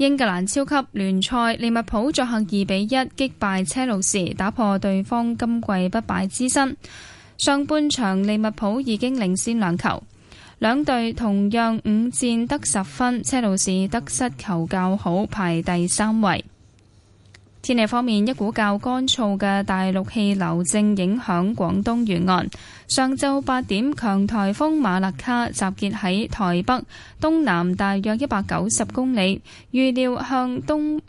英格蘭超級聯賽，利物浦作客二比一擊敗車路士，打破對方今季不敗之身。上半場利物浦已經領先兩球，兩隊同樣五戰得十分，車路士得失球較好，排第三位。天氣方面，一股較乾燥嘅大陸氣流正影響廣東沿岸。上晝八點，強颱風馬勒卡集結喺台北東南大約一百九十公里，預料向東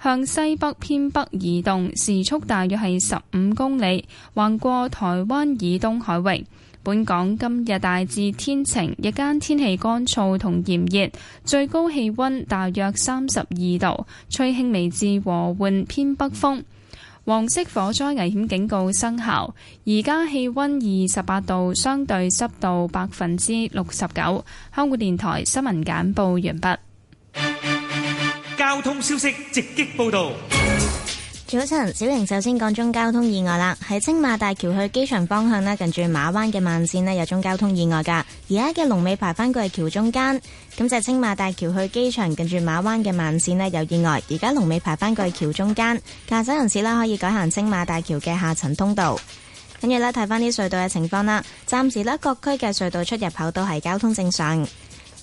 向西北偏北移動，時速大約係十五公里，橫過台灣以東海域。本港今日大致天晴，日間天氣乾燥同炎熱，最高氣温大約三十二度，吹輕微至和緩偏北風。黃色火災危險警告生效，而家氣温二十八度，相對濕度百分之六十九。香港電台新聞簡報完畢。交通消息直擊報道。早晨，小玲首先講中交通意外啦。喺青馬大橋去機場方向咧，近住馬灣嘅慢線咧有中交通意外噶。而家嘅龍尾排返過去橋中間，咁就係，青馬大橋去機場近住馬灣嘅慢線咧有意外，而家龍尾排返過去橋中間，駕駛人士啦可以改行青馬大橋嘅下層通道。跟住咧睇翻啲隧道嘅情況啦，暫時咧各區嘅隧道出入口都係交通正常。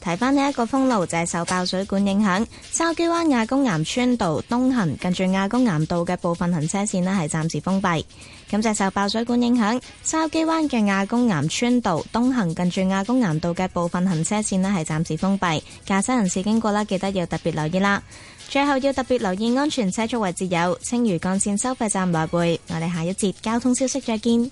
睇返呢一個封路，就係、是、受爆水管影響，筲箕灣亞公岩村道東行，近住亞公岩道嘅部分行車線咧係暫時封閉。咁就受爆水管影響，筲箕灣嘅亞公岩村道東行，近住亞公岩道嘅部分行車線咧係暫時封閉。駕駛人士經過啦，記得要特別留意啦。最後要特別留意安全車速，或者有青嶼幹線收費站來回。我哋下一節交通消息再見。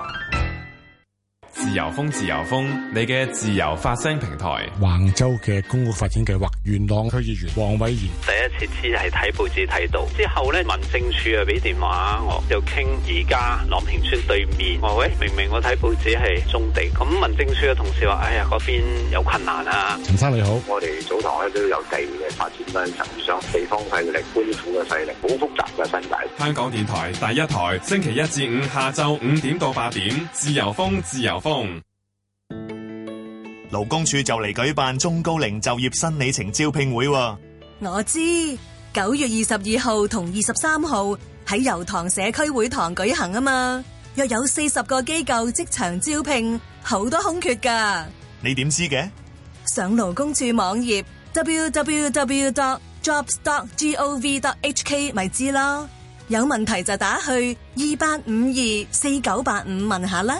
自由風，自由風，你嘅自由發聲平台。橫州嘅公共發展計劃，元朗區議員黃偉賢。第一次先係睇報紙睇到，之後咧民政處啊俾電話，我就傾而家朗屏邨對面。我喂，明明我睇報紙係中地，咁民政處嘅同事話：哎呀，嗰邊有困難啊。陳生你好，我哋早堂咧都有計嘅發展翻，想地方勢力、官府嘅勢力，好複雜嘅分解。香港電台第一台，星期一至五下晝五點到八點，自由風，自由風。勞工處就嚟舉辦中高齡就業新里程招聘會，我知九月二十二號同二十三號喺油塘社區會堂舉行啊嘛，約有四十個機構職場招聘，好多空缺噶。你點知嘅？上勞工處網頁 www.jobs.gov.hk 咪知咯，有問題就打去二八五二四九八五問下啦。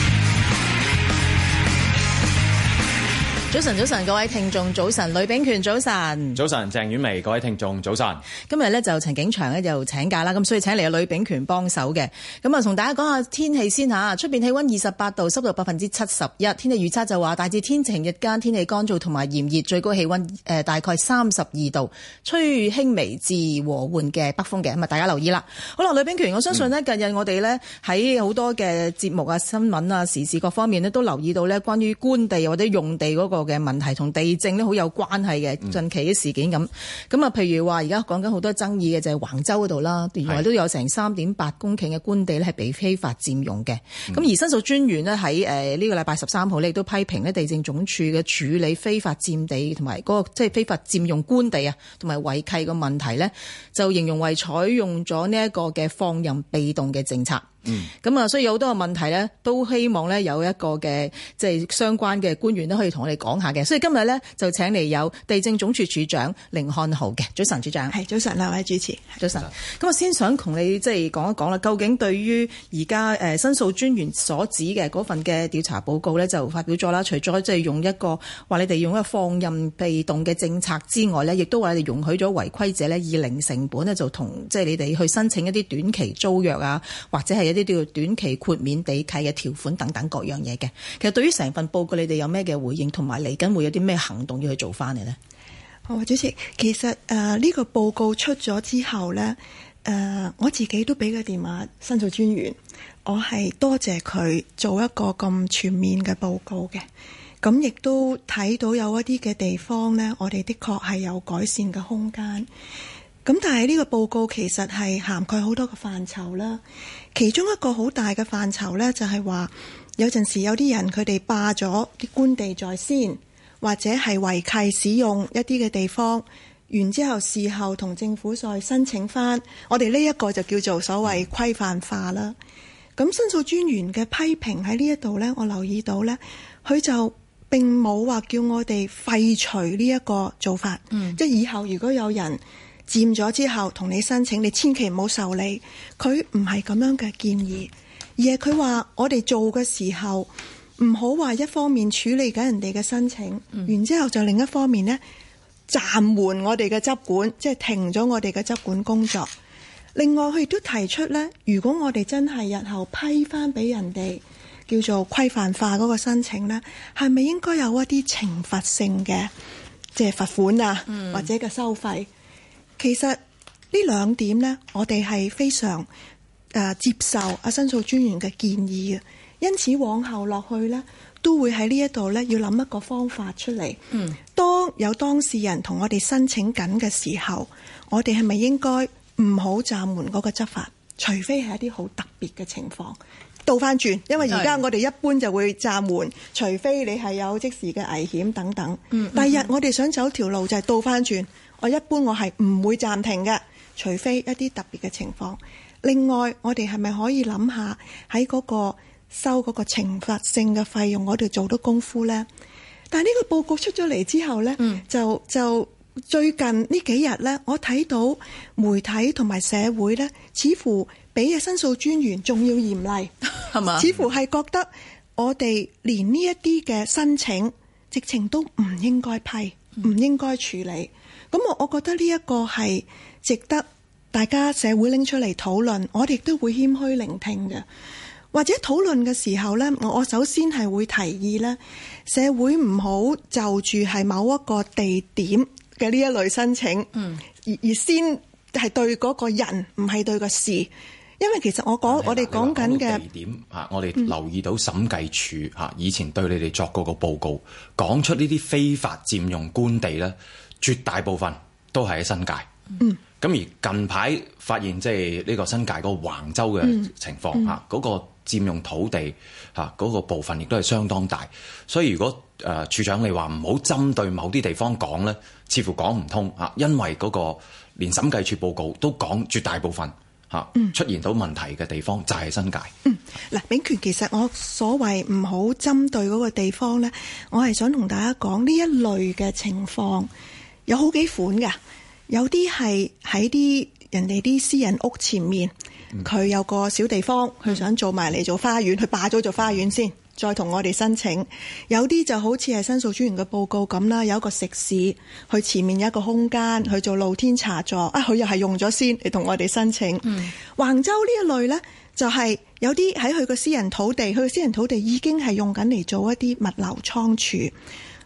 早晨，早晨，各位聽眾，早晨，呂炳權，早晨，早晨，鄭婉薇，各位聽眾，早晨。今日咧就陳景祥咧就請假啦，咁所以請嚟阿呂炳權幫手嘅。咁啊，同大家講下天氣先吓，出邊氣溫二十八度，濕度百分之七十一，天氣預測就話大致天晴，日間天氣乾燥同埋炎熱，最高氣溫誒大概三十二度，吹輕微至和緩嘅北風嘅，咁啊大家留意啦。好啦，呂炳權，我相信咧近日我哋咧喺好多嘅節目啊、新聞啊、時事各方面咧都留意到咧關於官地或者用地嗰個。嘅問題同地政呢好有關係嘅，近期啲事件咁，咁啊、嗯，譬如話而家講緊好多爭議嘅就係橫州嗰度啦，原來都有成三點八公頃嘅官地呢，係被非法佔用嘅。咁、嗯、而申訴專員呢，喺誒呢個禮拜十三號呢，亦都批評呢地政總署嘅處理非法佔地同埋嗰個即係非法佔用官地啊，同埋違契嘅問題呢，就形容為採用咗呢一個嘅放任被動嘅政策。嗯，咁啊，所以有好多嘅問題咧，都希望咧有一個嘅即係相關嘅官員都可以同我哋講下嘅。所以今日咧就請嚟有地政總署署長甯漢豪嘅，早晨，署長。係早晨啦，我哋主持，早晨安。咁安我先想同你即係講一講啦。究竟對於而家誒申訴專員所指嘅嗰份嘅調查報告咧，就發表咗啦。除咗即係用一個話你哋用一個放任被動嘅政策之外咧，亦都話你哋容許咗違規者咧以零成本咧就同即係你哋去申請一啲短期租約啊，或者係。啲叫短期豁免地契嘅條款等等各樣嘢嘅。其實對於成份報告，你哋有咩嘅回應，同埋嚟緊會有啲咩行動要去做翻嚟咧？好，主席，其實誒呢、呃呢個報告出咗之後咧，誒、呃、我自己都俾個電話申訴專員，我係多謝佢做一個咁全面嘅報告嘅。咁亦都睇到有一啲嘅地方咧，我哋的確係有改善嘅空間。咁但係呢個報告其實係涵蓋好多個範疇啦。其中一個好大嘅範疇呢，就係話有陣時有啲人佢哋霸咗啲官地在先，或者係違契使用一啲嘅地方，然之後事後同政府再申請翻。我哋呢一個就叫做所謂規範化啦。咁申訴專員嘅批評喺呢一度呢，我留意到呢，佢就並冇話叫我哋廢除呢一個做法。嗯，即係以後如果有人佔咗之後同你申請，你千祈唔好受理。佢唔係咁樣嘅建議，而係佢話我哋做嘅時候，唔好話一方面處理緊人哋嘅申請，然之、嗯、後就另一方面呢，暫緩我哋嘅執管，即係停咗我哋嘅執管工作。另外佢亦都提出呢，如果我哋真係日後批翻俾人哋叫做規範化嗰個申請呢，係咪應該有一啲懲罰性嘅，即係罰款啊，嗯、或者嘅收費？其實呢兩點呢，我哋係非常誒、呃、接受阿申訴專員嘅建議嘅，因此往後落去呢，都會喺呢一度呢，要諗一個方法出嚟。嗯，當有當事人同我哋申請緊嘅時候，我哋係咪應該唔好暫緩嗰個執法？除非係一啲好特別嘅情況。倒翻轉，因為而家我哋一般就會暫緩，的除非你係有即時嘅危險等等。嗯，嗯，第日我哋想走條路就係倒翻轉。我一般我係唔會暫停嘅，除非一啲特別嘅情況。另外，我哋係咪可以諗下喺嗰個收嗰個懲罰性嘅費用度，我哋做多功夫咧？但係呢個報告出咗嚟之後咧，嗯，就就最近呢幾日咧，我睇到媒體同埋社會咧，似乎比嘅申訴專員仲要嚴厲，係嘛吧？ 似乎係覺得我哋連呢一啲嘅申請直情都唔應該批，唔應該處理。嗯咁我，我覺得呢一個係值得大家社會拎出嚟討論，我哋都會謙虛聆聽嘅。或者討論嘅時候呢，我我首先係會提議呢社會唔好就住係某一個地點嘅呢一類申請。嗯。而而先係對嗰個人，唔係對個事，因為其實我講、嗯、我哋講緊嘅地點啊，嗯、我哋留意到審計署嚇以前對你哋作過個報告，講出呢啲非法佔用官地呢。絕大部分都係喺新界，咁、嗯、而近排發現即係呢個新界嗰個橫洲嘅情況嚇，嗰、嗯嗯啊嗰個佔用土地嚇嗰、啊嗰個部分亦都係相當大，所以如果誒、呃、處長你話唔好針對某啲地方講呢，似乎講唔通啊，因為嗰個連審計處報告都講絕大部分嚇、啊嗯、出現到問題嘅地方就係新界。嗱、嗯，秉權其實我所謂唔好針對嗰個地方呢，我係想同大家講呢一類嘅情況。有好幾款嘅，有啲係喺啲人哋啲私人屋前面，佢、嗯、有個小地方，佢想做埋嚟做花園，佢霸咗做花園先，再同我哋申請。有啲就好似係申訴專員嘅報告咁啦，有一個食肆，佢前面有一個空間去做露天茶座，啊，佢又係用咗先嚟同我哋申請。嗯、橫洲呢一類呢，就係、是、有啲喺佢個私人土地，佢個私人土地已經係用緊嚟做一啲物流倉儲，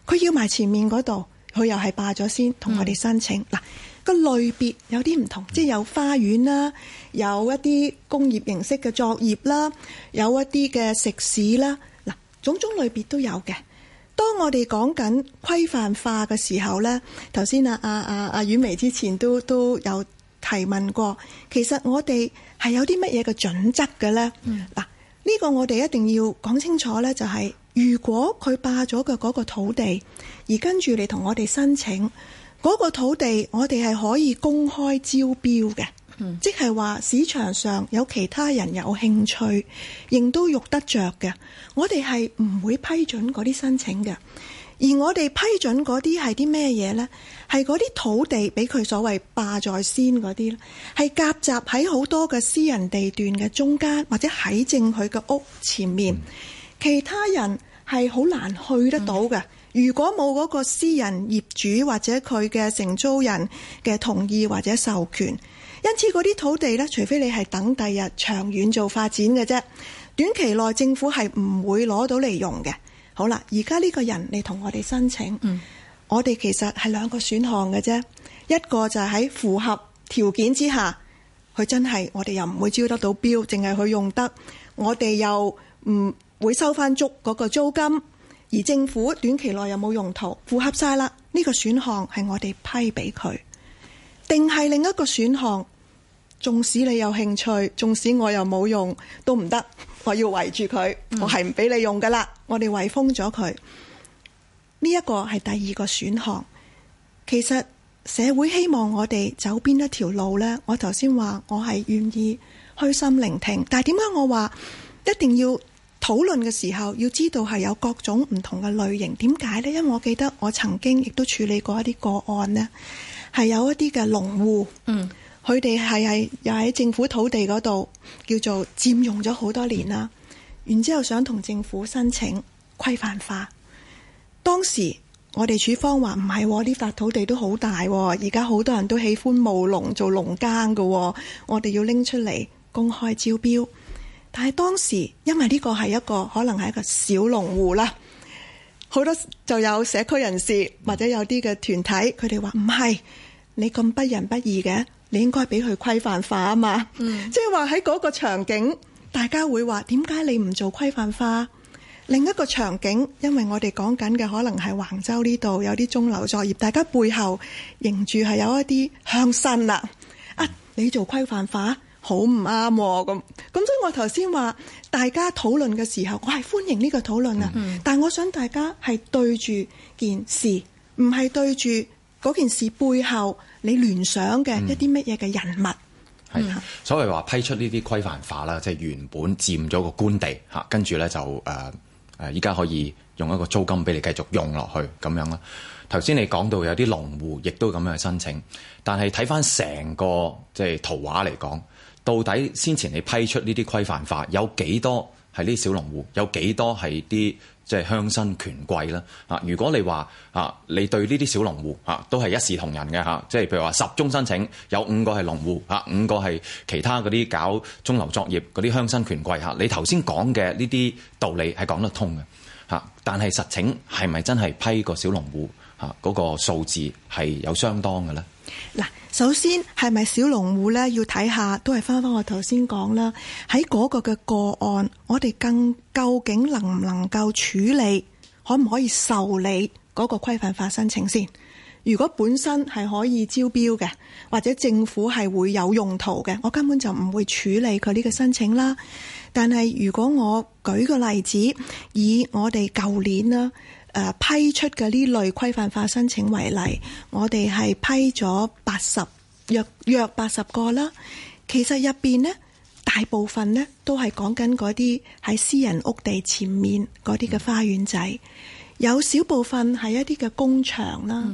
佢要埋前面嗰度。佢又係霸咗先，同我哋申請。嗱個、嗯、類別有啲唔同，嗯、即係有花園啦，有一啲工業形式嘅作業啦，有一啲嘅食肆啦，嗱種種類別都有嘅。當我哋講緊規範化嘅時候呢，頭先啊啊啊啊婉薇之前都都有提問過，其實我哋係有啲乜嘢嘅準則嘅呢？嗱呢、嗯、個我哋一定要講清楚呢，就係、是。如果佢霸咗嘅嗰個土地，而跟住你同我哋申請嗰個土地，我哋係可以公開招標嘅，即係話市場上有其他人有興趣，亦都用得着嘅。我哋係唔會批准嗰啲申請嘅。而我哋批准嗰啲係啲咩嘢咧？係嗰啲土地俾佢所謂霸在先嗰啲咧，係夾雜喺好多嘅私人地段嘅中間或者喺正佢嘅屋前面。嗯其他人係好難去得到嘅。如果冇嗰個私人業主或者佢嘅承租人嘅同意或者授權，因此嗰啲土地呢，除非你係等第日長遠做發展嘅啫。短期內政府係唔會攞到嚟用嘅。好啦，而家呢個人你同我哋申請，嗯、我哋其實係兩個選項嘅啫。一個就係喺符合條件之下，佢真係，我哋又唔會招得到標，淨係佢用得，我哋又唔。會收返足嗰個租金，而政府短期內又冇用途，符合晒啦。呢個選項係我哋批俾佢，定係另一個選項。縱使你有興趣，縱使我又冇用，都唔得。我要圍住佢，我係唔俾你用噶啦。嗯、我哋圍封咗佢。呢一個係第二個選項。其實社會希望我哋走邊一條路呢？我頭先話我係願意虛心聆聽，但係點解我話一定要？討論嘅時候要知道係有各種唔同嘅類型，點解呢？因為我記得我曾經亦都處理過一啲個案呢，係有一啲嘅農戶，嗯，佢哋係係又喺政府土地嗰度叫做佔用咗好多年啦，然之後想同政府申請規範化。當時我哋處方話唔係，呢塊、喎、土地都好大、喎，而家好多人都喜歡務農做農耕噶、喎，我哋要拎出嚟公開招標。但係當時，因為呢個係一個可能係一個小農戶啦，好多就有社區人士或者有啲嘅團體，佢哋話唔係你咁不仁不義嘅，你應該俾佢規範化啊嘛。即係話喺嗰個場景，大家會話點解你唔做規範化？另一個場景，因為我哋講緊嘅可能係橫洲呢度有啲中流作業，大家背後仍住係有一啲鄉紳啦、啊。啊，你做規範化？好唔啱咁，咁、啊、所以我頭先話大家討論嘅時候，我係歡迎呢個討論啊！嗯、但係我想大家係對住件事，唔係對住嗰件事背後你聯想嘅一啲乜嘢嘅人物。係啊、嗯嗯，所謂話批出呢啲規範化啦，即係原本佔咗個官地嚇，跟住呢，就誒誒，依家可以用一個租金俾你繼續用落去咁樣啦。頭先你講到有啲農戶亦都咁樣去申請，但係睇翻成個即係圖畫嚟講。到底先前你批出呢啲規範化有幾多係呢啲小農戶，有幾多係啲即係鄉紳權貴咧？啊，如果你話啊，你對呢啲小農戶嚇都係一視同仁嘅吓、啊，即係譬如話十宗申請有五個係農戶吓，五個係其他嗰啲搞中流作業嗰啲鄉紳權貴吓、啊，你頭先講嘅呢啲道理係講得通嘅吓、啊，但係實情係咪真係批個小農戶吓嗰個數字係有相當嘅咧？嗱，首先係咪小農戶呢？要睇下，都係翻翻我頭先講啦。喺嗰個嘅個案，我哋更究竟能唔能夠處理，可唔可以受理嗰個規範化申請先？如果本身係可以招標嘅，或者政府係會有用途嘅，我根本就唔會處理佢呢個申請啦。但係如果我舉個例子，以我哋舊年啦。誒、呃、批出嘅呢類規範化申請為例，我哋係批咗八十約約八十個啦。其實入邊呢，大部分呢都係講緊嗰啲喺私人屋地前面嗰啲嘅花園仔，有少部分係一啲嘅工場啦。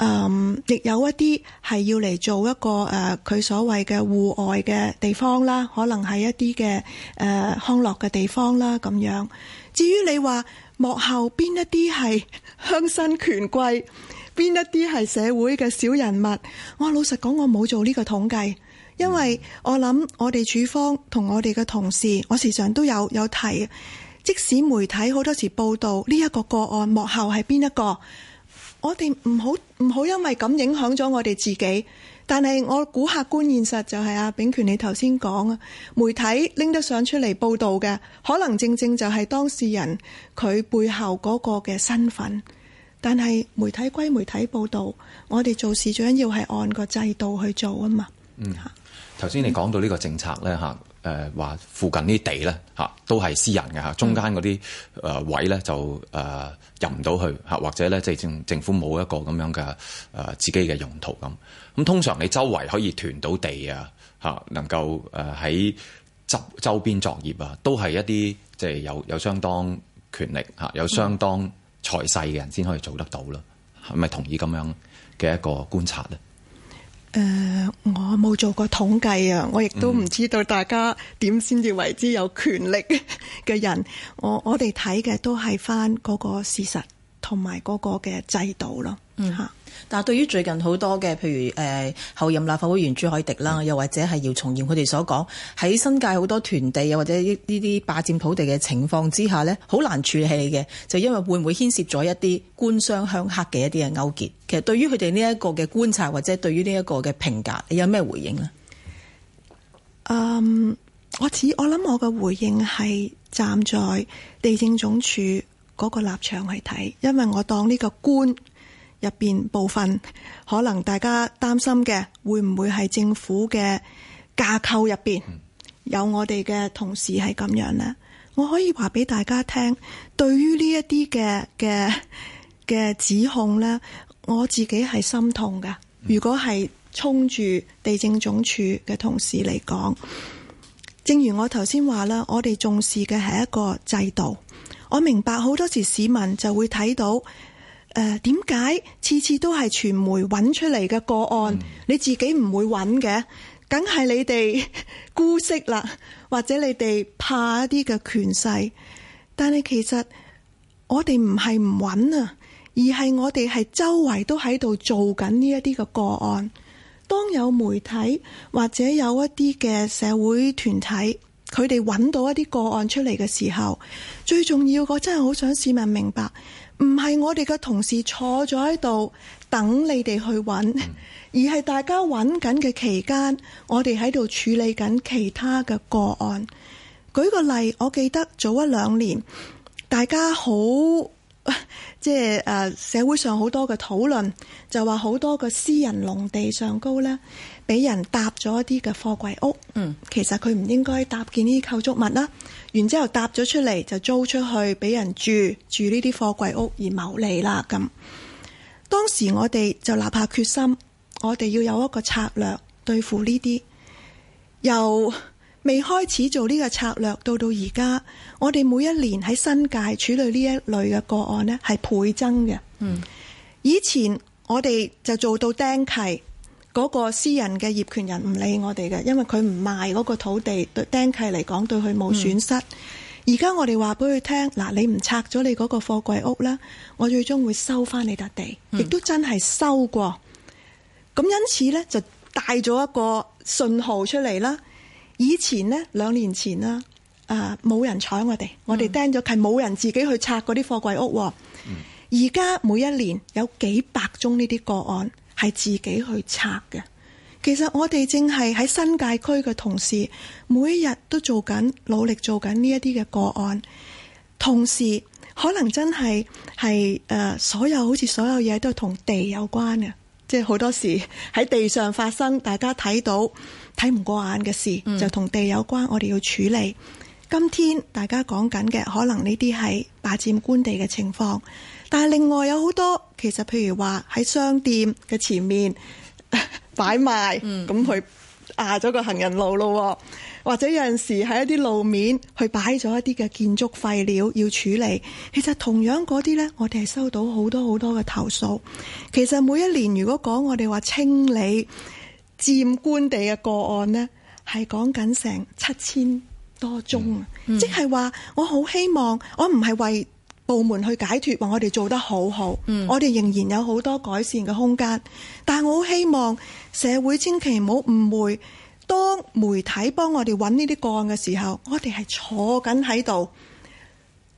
嗯，亦、嗯、有一啲係要嚟做一個誒佢、呃、所謂嘅戶外嘅地方啦，可能係一啲嘅誒康樂嘅地方啦咁樣。至於你話，幕後邊一啲係鄉紳權貴，邊一啲係社會嘅小人物？我老實講，我冇做呢個統計，因為我諗我哋處方同我哋嘅同事，我時常都有有提。即使媒體好多時報道呢一個個案幕後係邊一個，我哋唔好唔好因為咁影響咗我哋自己。但係我估客觀現實就係阿炳權，你頭先講啊，媒體拎得上出嚟報道嘅，可能正正就係當事人佢背後嗰個嘅身份。但係媒體歸媒體報道，我哋做事最緊要係按個制度去做啊嘛。嗯，頭先你講到呢個政策咧，吓、嗯。嗯誒話附近啲地咧嚇，都係私人嘅嚇，中間嗰啲誒位咧就誒入唔到去嚇，或者咧即係政政府冇一個咁樣嘅誒自己嘅用途咁。咁通常你周圍可以團到地啊嚇，能夠誒喺周周邊作業啊，都係一啲即係有有相當權力嚇，有相當財勢嘅人先可以做得到啦。係咪同意咁樣嘅一個觀察咧？誒、呃，我冇做過統計啊，我亦都唔知道大家點先至為之有權力嘅人，我我哋睇嘅都係翻嗰個事實同埋嗰個嘅制度咯，嚇、嗯。但係，對於最近好多嘅，譬如誒、呃、候任立法會議員朱凱迪啦、嗯，又或者係姚松炎佢哋所講，喺新界好多團地又或者呢啲霸佔土地嘅情況之下呢，好難處理嘅，就因為會唔會牽涉咗一啲官商鄉黑嘅一啲嘅勾結？其實對於佢哋呢一個嘅觀察或者對於呢一個嘅評價，你有咩回應呢？嗯、um,，我只我諗我嘅回應係站在地政總署嗰個立場去睇，因為我當呢個官。入邊部分，可能大家擔心嘅，會唔會係政府嘅架構入邊有我哋嘅同事係咁樣咧？我可以話俾大家聽，對於呢一啲嘅嘅嘅指控咧，我自己係心痛噶。如果係衝住地政總署嘅同事嚟講，正如我頭先話啦，我哋重視嘅係一個制度。我明白好多時市民就會睇到。誒，點解次次都係傳媒揾出嚟嘅個案？嗯、你自己唔會揾嘅？梗係你哋姑息啦，或者你哋怕一啲嘅權勢。但係其實我哋唔係唔揾啊，而係我哋係周圍都喺度做緊呢一啲嘅個案。當有媒體或者有一啲嘅社會團體，佢哋揾到一啲個案出嚟嘅時候，最重要我真係好想市民明白。唔係我哋嘅同事坐咗喺度等你哋去揾，而係大家揾緊嘅期間，我哋喺度處理緊其他嘅個案。舉個例，我記得早一兩年，大家好即係社會上好多嘅討論，就話好多個私人農地上高呢，俾人搭咗一啲嘅貨櫃屋。嗯，其實佢唔應該搭建呢啲構築物啦。然之後搭咗出嚟就租出去俾人住，住呢啲貨櫃屋而牟利啦。咁當時我哋就立下決心，我哋要有一個策略對付呢啲。由未開始做呢個策略到到而家，我哋每一年喺新界處理呢一類嘅個案呢係倍增嘅。嗯，以前我哋就做到釘契。嗰個私人嘅業權人唔理我哋嘅，因為佢唔賣嗰個土地，對釘契嚟講對佢冇損失。而家、嗯、我哋話俾佢聽，嗱，你唔拆咗你嗰個貨櫃屋啦，我最終會收翻你笪地，亦都真係收過。咁、嗯、因此呢，就帶咗一個信號出嚟啦。以前呢，兩年前啦，啊、呃、冇人睬我哋，我哋釘咗契係冇人自己去拆嗰啲貨櫃屋。而家、嗯、每一年有幾百宗呢啲個案。係自己去拆嘅。其實我哋正係喺新界區嘅同事，每一日都做緊，努力做緊呢一啲嘅個案。同時，可能真係係誒，所有好似所有嘢都同地有關嘅，即係好多時喺地上發生，大家睇到睇唔過眼嘅事，就同地有關。我哋要處理。嗯、今天大家講緊嘅，可能呢啲係霸佔官地嘅情況。但係另外有好多，其實譬如話喺商店嘅前面擺賣，咁去壓咗個行人路咯，嗯、或者有陣時喺一啲路面去擺咗一啲嘅建築廢料要處理。其實同樣嗰啲咧，我哋係收到好多好多嘅投訴。其實每一年如果講我哋話清理佔官地嘅個案咧，係講緊成七千多宗，嗯嗯、即係話我好希望我唔係為。部門去解脱，話我哋做得好好，嗯、我哋仍然有好多改善嘅空間。但係我好希望社會千祈唔好誤會，當媒體幫我哋揾呢啲個案嘅時候，我哋係坐緊喺度，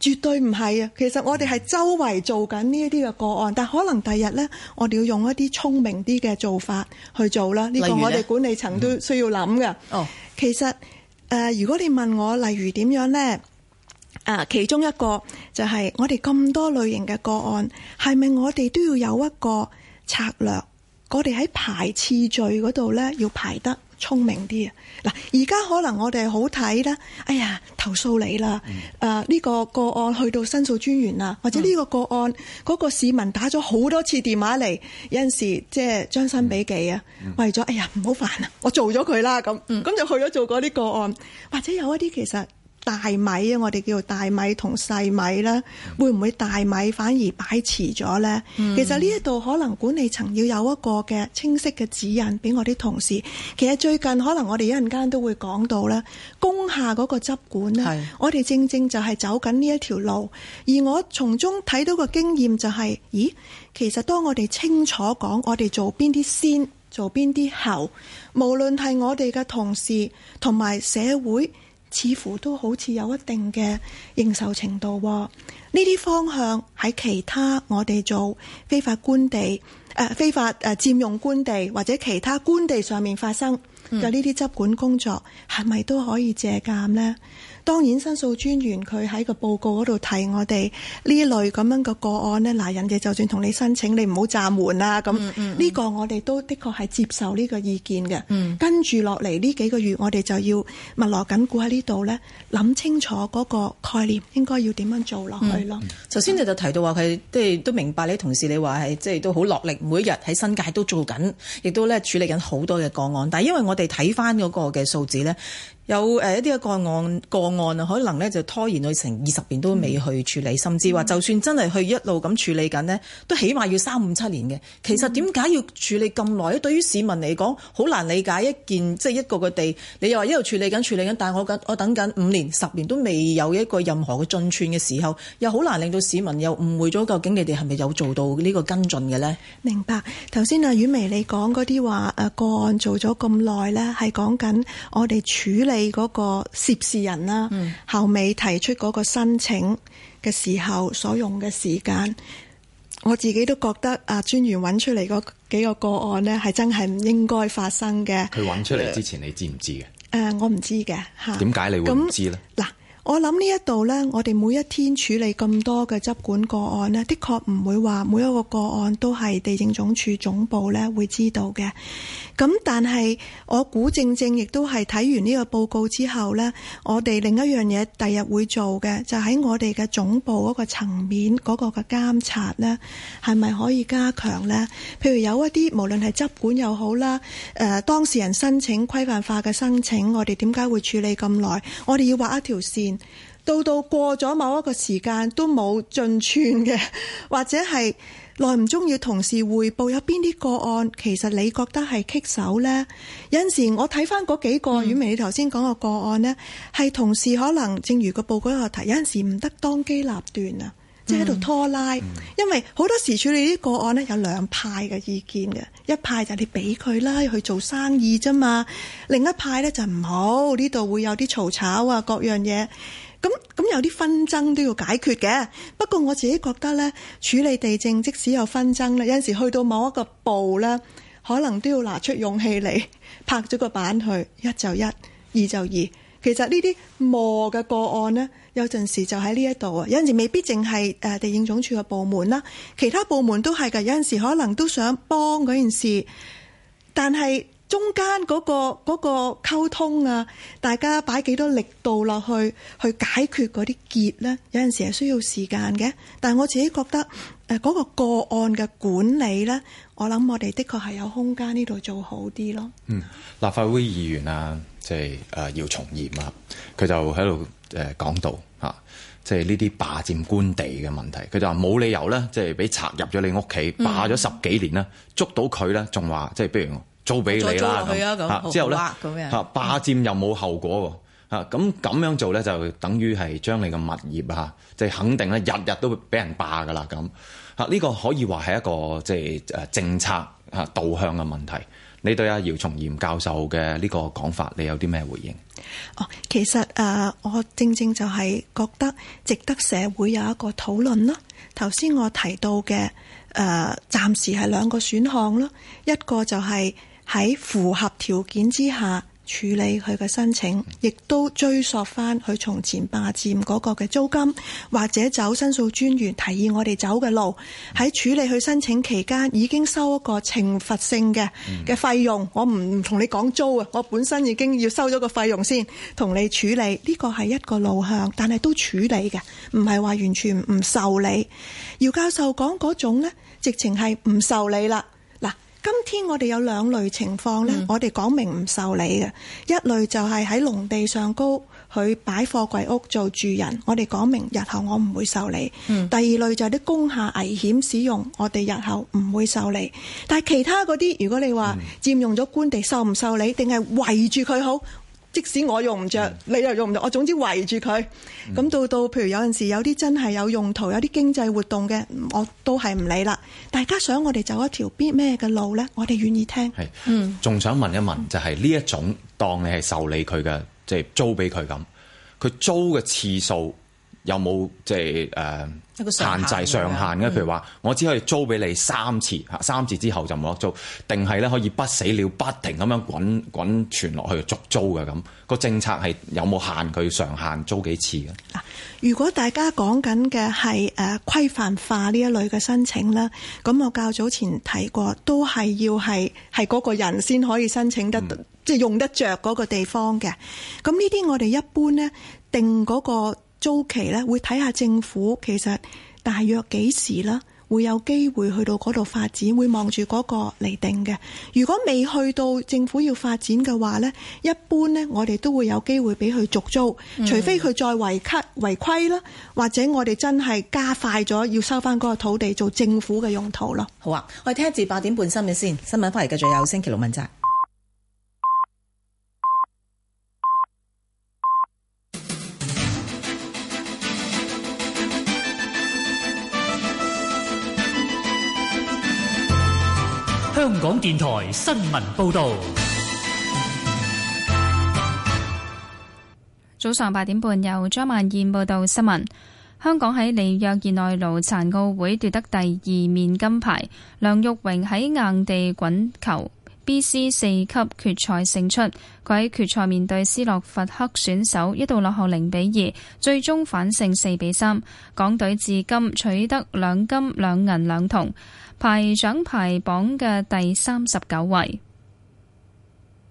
絕對唔係啊！其實我哋係周圍做緊呢一啲嘅個案，但可能第日呢，我哋要用一啲聰明啲嘅做法去做啦。呢、這個我哋管理層都需要諗嘅。哦，其實誒、呃，如果你問我，例如點樣呢？誒，其中一個就係我哋咁多類型嘅個案，係咪我哋都要有一個策略？我哋喺排次序嗰度咧，要排得聰明啲啊！嗱，而家可能我哋好睇啦，哎呀投訴你啦！誒呢、嗯啊這個個案去到申訴專員啦，或者呢個個案嗰、嗯、個市民打咗好多次電話嚟，有陣時即係將心比己啊，嗯嗯、為咗哎呀唔好煩啊，我做咗佢啦咁，咁、嗯、就去咗做嗰啲個案，或者有一啲其實。大米啊，我哋叫做大米同細米啦，會唔會大米反而擺遲咗咧？嗯、其實呢一度可能管理層要有一個嘅清晰嘅指引俾我啲同事。其實最近可能我哋一陣間都會講到咧，工廈嗰個執管咧，是我哋正正就係走緊呢一條路。而我從中睇到個經驗就係，是，咦，其實當我哋清楚講我哋做邊啲先，做邊啲後，無論係我哋嘅同事同埋社會。似乎都好似有一定嘅認受程度呢啲、哦、方向喺其他我哋做非法官地誒、呃、非法誒、呃、佔用官地或者其他官地上面發生嘅呢啲執管工作，係咪、嗯、都可以借鑒呢？當然，申訴專員佢喺個報告嗰度提我哋呢類咁樣個個案呢，嗱，人哋就算同你申請，你唔好暫緩啊！咁呢、嗯嗯嗯、個我哋都的確係接受呢個意見嘅。跟住落嚟呢幾個月，我哋就要密鑼緊鼓喺呢度呢，諗清楚嗰個概念應該要點樣做落去咯。頭先，你就提到話佢即係都明白你同事你話係即係都好落力，每一日喺新界都做緊，亦都咧處理緊好多嘅個案，但係因為我哋睇翻嗰個嘅數字呢。有誒一啲個案個案啊，可能咧就拖延去成二十年都未去處理，嗯、甚至話就算真係去一路咁處理緊咧，都起碼要三五七年嘅。其實點解要處理咁耐？咧、嗯、對於市民嚟講好難理解一件，即係一個個地，你又話一路處理緊處理緊，但係我緊我等緊五年十年都未有一個任何嘅進寸嘅時候，又好難令到市民又誤會咗究竟你哋係咪有做到呢個跟進嘅咧？明白。頭先阿婉薇你講嗰啲話誒個案做咗咁耐咧，係講緊我哋處理。你嗰個涉事人啦，嗯、後尾提出嗰個申請嘅時候所用嘅時間，嗯、我自己都覺得啊，專員揾出嚟，嗰幾個個案咧，係真係唔應該發生嘅。佢揾出嚟之前，呃、你知唔知嘅？誒、呃，我唔知嘅吓。點解你會唔知咧？嗱。我諗呢一度呢，我哋每一天處理咁多嘅執管個案呢，的確唔會話每一個個案都係地政總署總部咧會知道嘅。咁但係我估正正亦都係睇完呢個報告之後呢，我哋另一樣嘢第日會做嘅，就喺、是、我哋嘅總部嗰個層面嗰個嘅監察呢，係咪可以加強呢？譬如有一啲無論係執管又好啦，誒、呃、當事人申請規範化嘅申請，我哋點解會處理咁耐？我哋要畫一條線。到到過咗某一個時間都冇進寸嘅，或者係耐唔中要同事匯報有邊啲個案，其實你覺得係棘手呢？有陣時我睇翻嗰幾個，遠明、嗯、你頭先講個個案呢，係同事可能正如個報告個題，有陣時唔得當機立斷啊。即係喺度拖拉，mm hmm。因為好多時處理啲個案呢，有兩派嘅意見嘅，一派就係你俾佢啦去做生意啫嘛，另一派呢就唔好，呢度會有啲嘈吵啊、各樣嘢，咁咁有啲紛爭都要解決嘅。不過我自己覺得呢，處理地政即使有紛爭咧，有陣時去到某一個步咧，可能都要拿出勇氣嚟拍咗個板去，一就一，二就二。其實呢啲磨嘅個案呢，有陣時就喺呢一度啊。有陣時未必淨係誒地政總署嘅部門啦，其他部門都係㗎。有陣時可能都想幫嗰件事，但係中間嗰個嗰個溝通啊，大家擺幾多力度落去去解決嗰啲結呢？有陣時係需要時間嘅。但係我自己覺得誒嗰個個案嘅管理呢。我諗我哋的確係有空間呢度做好啲咯。嗯，立法會議員、就是、extinct, 啊，即係誒姚松炎啊，佢就喺度誒講到，嚇，即係呢啲霸佔官地嘅問題。佢就話冇理由咧，即係俾賊入咗你屋企霸咗十幾年啦，捉到佢咧，仲話即係不如租俾你啦咁、嗯啊。之後咧、啊，霸佔又冇後果喎嚇。咁、啊、咁、啊、樣做咧，就等於係將你嘅物業啊，即、就、係、是、肯定咧，日日都會俾人霸㗎啦咁。啊啊啊啊呢、啊這個可以話係一個即係誒政策啊導、呃、向嘅問題。你對阿、啊、姚松賢教授嘅呢個講法，你有啲咩回應？哦，其實誒、呃，我正正就係覺得值得社會有一個討論咯。頭先我提到嘅誒，暫、呃、時係兩個選項咯，一個就係喺符合條件之下。處理佢嘅申請，亦都追溯翻佢從前霸佔嗰個嘅租金，或者走申訴專員，提議我哋走嘅路。喺處理佢申請期間，已經收一個懲罰性嘅嘅費用。我唔同你講租啊，我本身已經要收咗個費用先同你處理。呢個係一個路向，但係都處理嘅，唔係話完全唔受理。姚教授講嗰種呢，直情係唔受理啦。今天我哋有兩類情況，咧、嗯，我哋講明唔受理嘅。一類就係喺農地上高去擺貨櫃屋做住人，我哋講明日後我唔會受理。嗯、第二類就係啲工廈危險使用，我哋日後唔會受理。但係其他嗰啲，如果你話佔用咗官地，受唔受理？定係圍住佢好？即使我用唔着，mm. 你又用唔着，我總之圍住佢。咁、mm. 到到，譬如有陣時有啲真係有用途，有啲經濟活動嘅，我都係唔理啦。大家想我哋走一條邊咩嘅路咧，我哋願意聽，係是，嗯，仲想問一問就係、是、呢一種當你係受理佢嘅，即、就、係、是、租俾佢咁，佢租嘅次數。有冇即係誒限制上限嘅？嗯、譬如話我只可以租俾你三次，吓，三次之後就冇得租，定係咧可以不死了，不停咁樣滾滾傳落去續租嘅，咁個政策係有冇限佢上限租幾次嘅？嗱，如果大家講緊嘅係誒規範化呢一類嘅申請咧，咁我較早前睇過都係要係係嗰個人先可以申請得，嗯、即係用得着嗰個地方嘅。咁呢啲我哋一般呢定嗰、嗰個。租期咧，會睇下政府其實大約幾時啦，會有機會去到嗰度發展，會望住嗰個嚟定嘅。如果未去到政府要發展嘅話咧，一般咧我哋都會有機會俾佢續租，除非佢再違規違規啦，或者我哋真係加快咗要收翻嗰個土地做政府嘅用途咯。好啊，我哋聽一節八點半新聞先，新聞翻嚟繼續有星期六問責。香港電台新聞報道：早上八點半，由張曼燕報道新聞。香港喺里約熱內盧殘奧會奪得第二面金牌，梁玉榮喺硬地滾球 BC 四級決賽勝出。佢喺決賽面對斯洛伐克選手，一度落後零比二，最終反勝四比三。港隊至今取得兩金兩銀兩銅，排獎排榜嘅第三十九位。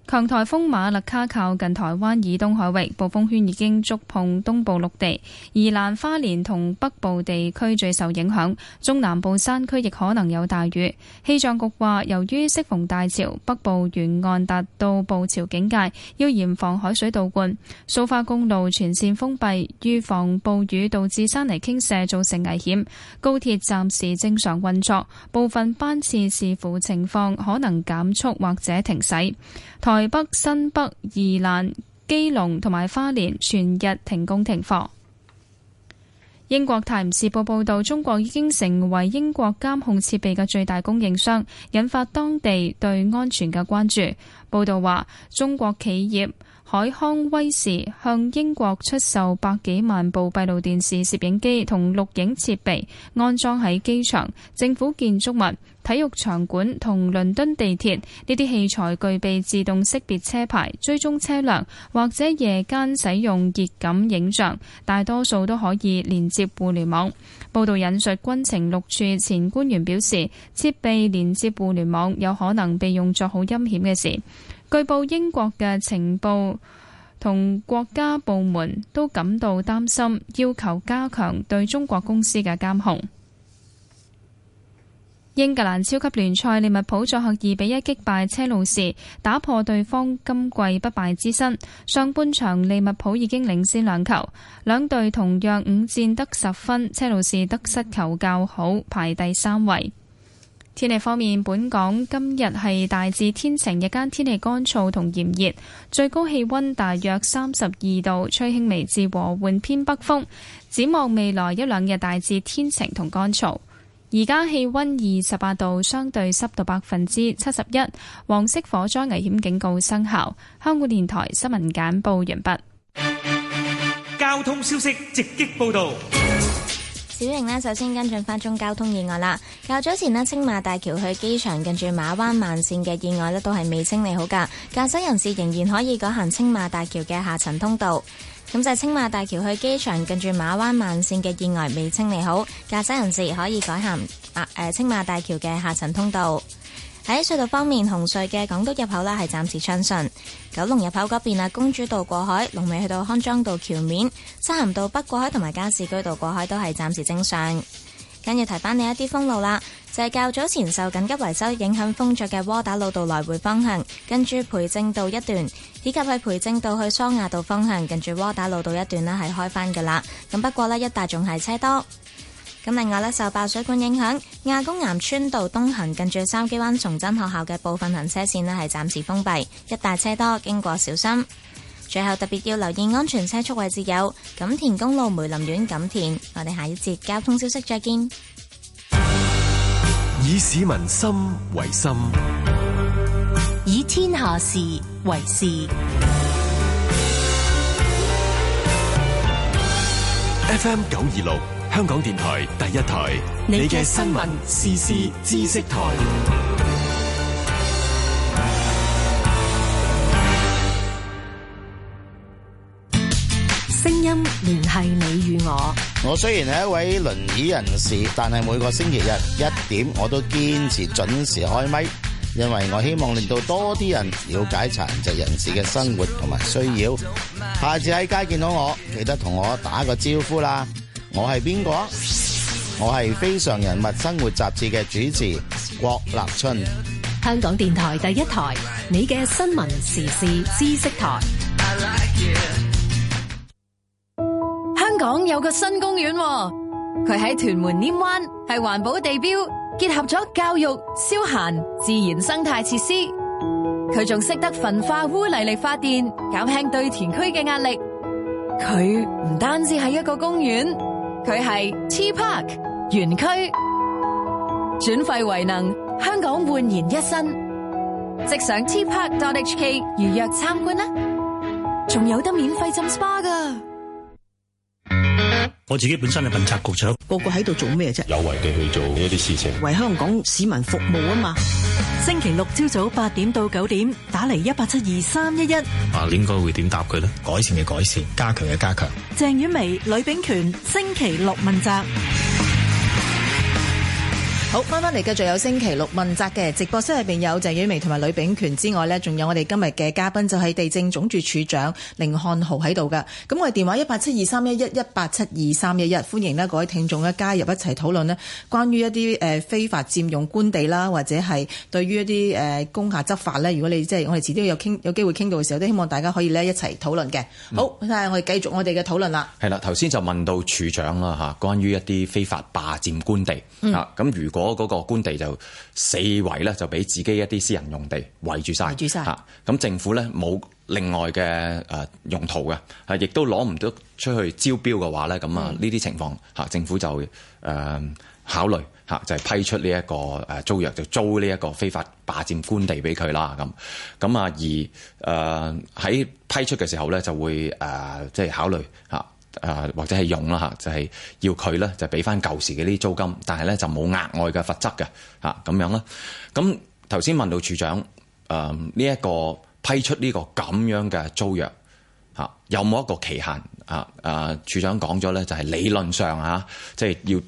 強颱風馬勒卡靠近台灣以東海域，暴風圈已經觸碰東部陸地，宜蘭花蓮同北部地區最受影響，中南部山區亦可能有大雨。氣象局話，由於適逢大潮，北部沿岸達到暴潮警戒，要嚴防海水倒灌。蘇花公路全線封閉，預防暴雨導致山泥傾瀉造成危險。高鐵暫時正常運作，部分班次視乎情況可能減速或者停駛。台北、新北、宜蘭、基隆同埋花蓮全日停工停課。英國《泰晤士報》報導，中國已經成為英國監控設備嘅最大供應商，引發當地對安全嘅關注。報導話，中國企業，海康威視向英國出售百幾萬部閉路電視攝影機同錄影設備，安裝喺機場、政府建築物、體育場館同倫敦地鐵。呢啲器材具備自動識別車牌、追蹤車輛，或者夜間使用熱感影像，大多數都可以連接互聯網。報道引述軍情六處前官員表示，設備連接互聯網有可能被用作好陰險嘅事。據報，英國嘅情報同國家部門都感到擔心，要求加強對中國公司嘅監控。英格蘭超級聯賽，利物浦作客二比一擊敗車路士，打破對方今季不敗之身。上半場，利物浦已經領先兩球，兩隊同樣五戰得十分，車路士得失球較好，排第三位。天氣方面，本港今日係大致天晴，日間天氣乾燥同炎熱，最高氣溫大約三十二度，吹輕微至和緩偏北風。展望未來一兩日，大致天晴同乾燥。而家氣温二十八度，相對濕度百分之七十一，黃色火災危險警告生效。香港電台新聞簡報完畢。交通消息直擊報道。小瑩呢，首先跟進返宗交通意外啦。較早前呢，青馬大橋去機場近住馬灣慢線嘅意外呢，都係未清理好㗎。駕駛人士仍然可以改行青馬大橋嘅下層通道。咁就係青馬大橋去機場近住馬灣慢線嘅意外未清理好，駕駛人士可以改行啊誒、呃、青馬大橋嘅下層通道。喺隧道方面，紅隧嘅港島入口呢係暫時暢順，九龍入口嗰邊啊公主道過海，龍尾去到康莊道橋面，漆咸道北過海同埋加士居道過海都係暫時正常。跟住提翻你一啲封路啦，就係較早前受緊急維修影響封着嘅窩打老道來回方向，跟住培正道一段，以及去培正道去桑雅道方向，跟住窩打老道一段呢係開返噶啦。咁不過呢，一帶仲係車多。咁另外咧，受爆水管影響，亞公岩村道東行近住三基灣崇真學校嘅部分行車線咧係暫時封閉，一帶車多，經過小心。最後特別要留意安全車速位置有錦田公路梅林苑錦田。我哋下一節交通消息再見。以市民心為心，以天下事為事。FM 九二六。香港電台第一台，你嘅新聞時事知識台，聲音聯繫你與我。我雖然係一位輪椅人士，但係每個星期日一點，我都堅持準時開咪，因為我希望令到多啲人了解殘疾人士嘅生活同埋需要。下次喺街見到我，記得同我打個招呼啦。我係邊個？我係非常人物生活雜誌嘅主持郭立春。香港電台第一台，你嘅新聞時事知識台。like 香港有個新公園，佢喺屯門稔灣，係環保地標，結合咗教育、消閒、自然生態設施。佢仲識得焚化污泥嚟發電，減輕對填區嘅壓力。佢唔單止係一個公園。佢係 T Park 園區，轉廢為能，香港煥然一新。即上 T Park dot hk 預約參觀啦，仲有得免費浸 spa 噶。我自己本身係問責局長，個個喺度做咩啫？有為地去做一啲事情，為香港市民服務啊嘛！ 星期六朝早八點到九點，打嚟一八七二三一一。啊，應該會點答佢咧？改善嘅改善，加強嘅加強。鄭婉薇、呂秉權，星期六問責。好翻翻嚟，繼續有星期六問責嘅直播室入邊有鄭婉薇同埋呂炳權之外呢，仲有我哋今日嘅嘉賓就係地政總署署長甯漢豪喺度嘅。咁我哋電話一八七二三一一一八七二三一一，歡迎咧各位聽眾咧加入一齊討論咧，關於一啲誒非法佔用官地啦，或者係對於一啲誒工廈執法咧，如果你即係、就是、我哋遲啲有傾有機會傾到嘅時候，都希望大家可以咧一齊討論嘅。好，我哋繼續我哋嘅討論啦。係啦、嗯，頭先就問到署長啦吓，關於一啲非法霸佔官地啊，咁、嗯、如果攞嗰個官地就四圍咧，就俾自己一啲私人用地圍住晒。圍住曬。咁、啊、政府咧冇另外嘅誒、呃、用途嘅，係、啊、亦都攞唔到出去招標嘅話咧，咁啊呢啲情況嚇、啊、政府就誒、呃、考慮嚇、啊，就係、是、批出呢一個誒租約，就租呢一個非法霸佔官地俾佢啦。咁咁啊、啊而誒喺、呃、批出嘅時候咧，就會誒即係考慮嚇。啊誒或者係用啦嚇，就係、是、要佢咧就俾翻舊時嘅啲租金，但係咧就冇額外嘅罰則嘅嚇咁樣啦。咁頭先問到處長誒呢一個批出呢個咁樣嘅租約嚇、啊，有冇一個期限啊？誒處長講咗咧就係理論上嚇，即、啊、係、就是、要誒、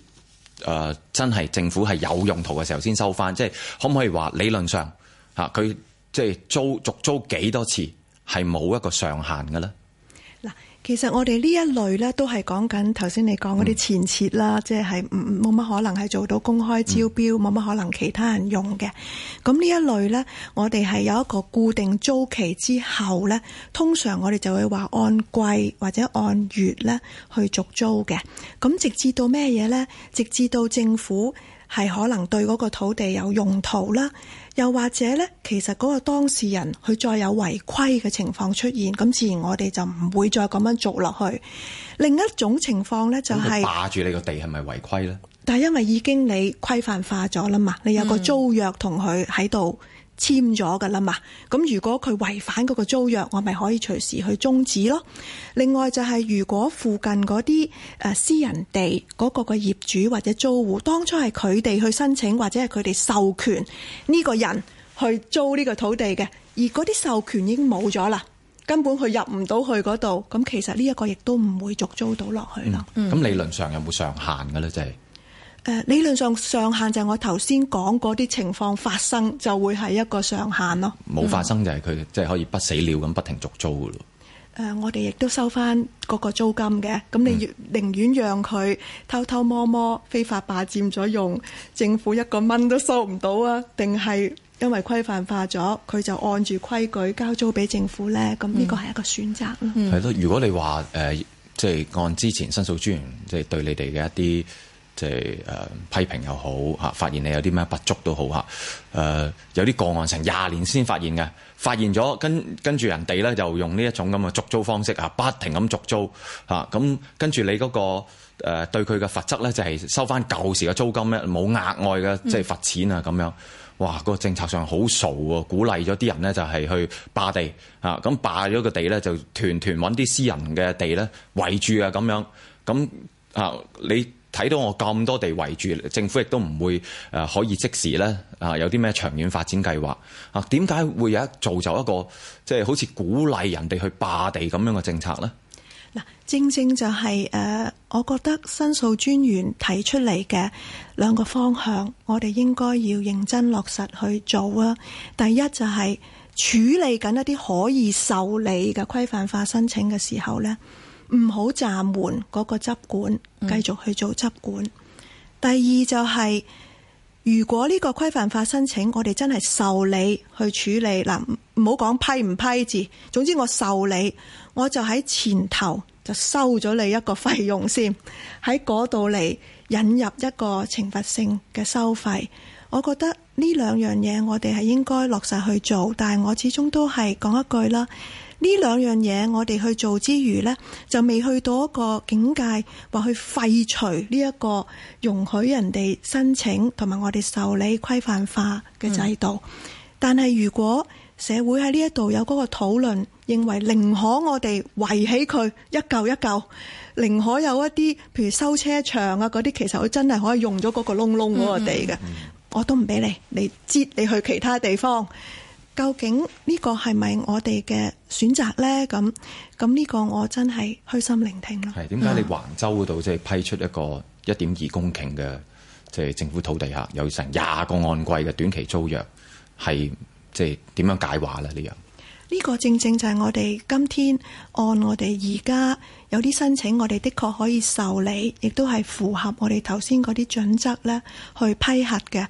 呃、真係政府係有用途嘅時候先收翻，即、就、係、是、可唔可以話理論上嚇佢即係租續租幾多次係冇一個上限嘅咧？其實我哋呢一類咧，都係講緊頭先你講嗰啲前設啦，即係唔唔冇乜可能係做到公開招標，冇乜、嗯、可能其他人用嘅。咁呢一類呢，我哋係有一個固定租期之後呢，通常我哋就會話按季或者按月咧去續租嘅。咁直至到咩嘢呢？直至到政府。係可能對嗰個土地有用途啦，又或者呢，其實嗰個當事人佢再有違規嘅情況出現，咁自然我哋就唔會再咁樣做落去。另一種情況，就是呢，就係霸住你個地係咪違規呢？但係因為已經你規範化咗啦嘛，你有個租約同佢喺度。簽咗噶啦嘛，咁如果佢違反嗰個租約，我咪可以隨時去終止咯。另外就係、是、如果附近嗰啲，誒，私人地嗰個個業主或者租戶，當初係佢哋去申請或者係佢哋授權呢個人去租呢個土地嘅，而嗰啲授權已經冇咗啦，根本佢入唔到去嗰度，咁其實呢一個亦都唔會續租到落去啦。咁、嗯、理論上有冇上限噶咧？即係。理論上上限就係我頭先講嗰啲情況發生就會係一個上限咯。冇發生就係佢即係可以不死鳥咁不停續租噶咯。誒，我哋亦都收翻嗰個租金嘅。咁你要寧願讓佢偷偷摸摸非法霸佔咗用，政府一個蚊都收唔到啊？定係因為規範化咗，佢就按住規矩交租俾政府呢？咁呢個係一個選擇。係咯，如果你話誒，即係按之前申訴專員，即係對你哋嘅一啲。即係誒批評又好嚇、啊，發現你有啲咩不足都好嚇。誒、啊、有啲個案成廿年先發現嘅，發現咗跟跟住人哋咧就用呢一種咁嘅續租方式嚇、啊，不停咁續租嚇。咁、啊啊、跟住你嗰、嗰個誒、啊、對佢嘅罰則咧，就係、是、收翻舊時嘅租金咧，冇額外嘅即係罰錢啊咁樣。哇，嗰個政策上好傻喎，鼓勵咗啲人咧就係去霸地嚇。咁霸咗個地咧就團團搵啲私人嘅地咧圍住啊咁樣咁啊，啊，啊你。睇到我咁多地圍住政府，亦都唔會誒可以即時咧啊！有啲咩長遠發展計劃啊？點解會有一造就一個即係、就是、好似鼓勵人哋去霸地咁樣嘅政策呢？嗱，正正就係、是、誒、呃，我覺得申訴專員提出嚟嘅兩個方向，我哋應該要認真落實去做啊！第一就係處理緊一啲可以受理嘅規範化申請嘅時候咧。唔好暫緩嗰個執管，繼續去做執管。嗯、第二就係、是，如果呢個規範化申請，我哋真係受理去處理嗱，唔好講批唔批字，總之我受理，我就喺前頭就收咗你一個費用先，喺嗰度嚟，引入一個懲罰性嘅收費。我覺得呢兩樣嘢我哋係應該落實去做，但係我始終都係講一句啦。呢兩樣嘢我哋去做之餘呢，就未去到一個境界，或去廢除呢一個容許人哋申請同埋我哋受理規範化嘅制度。嗯、但係如果社會喺呢一度有嗰個討論，認為寧可我哋圍起佢一嚿一嚿，寧可有一啲譬如修車場啊嗰啲，其實佢真係可以用咗嗰個窿窿嗰個地嘅，嗯嗯嗯、我都唔俾你，你擠你，你去其他地方。究竟呢個係咪我哋嘅選擇呢？咁咁呢個我真係虛心聆聽咯。係，點解你橫州嗰度即係批出一個一點二公頃嘅，即係政府土地下有成廿個按季嘅短期租約，係即係點樣解話咧？呢樣呢個正正就係我哋今天按我哋而家有啲申請，我哋的確可以受理，亦都係符合我哋頭先嗰啲準則咧去批核嘅。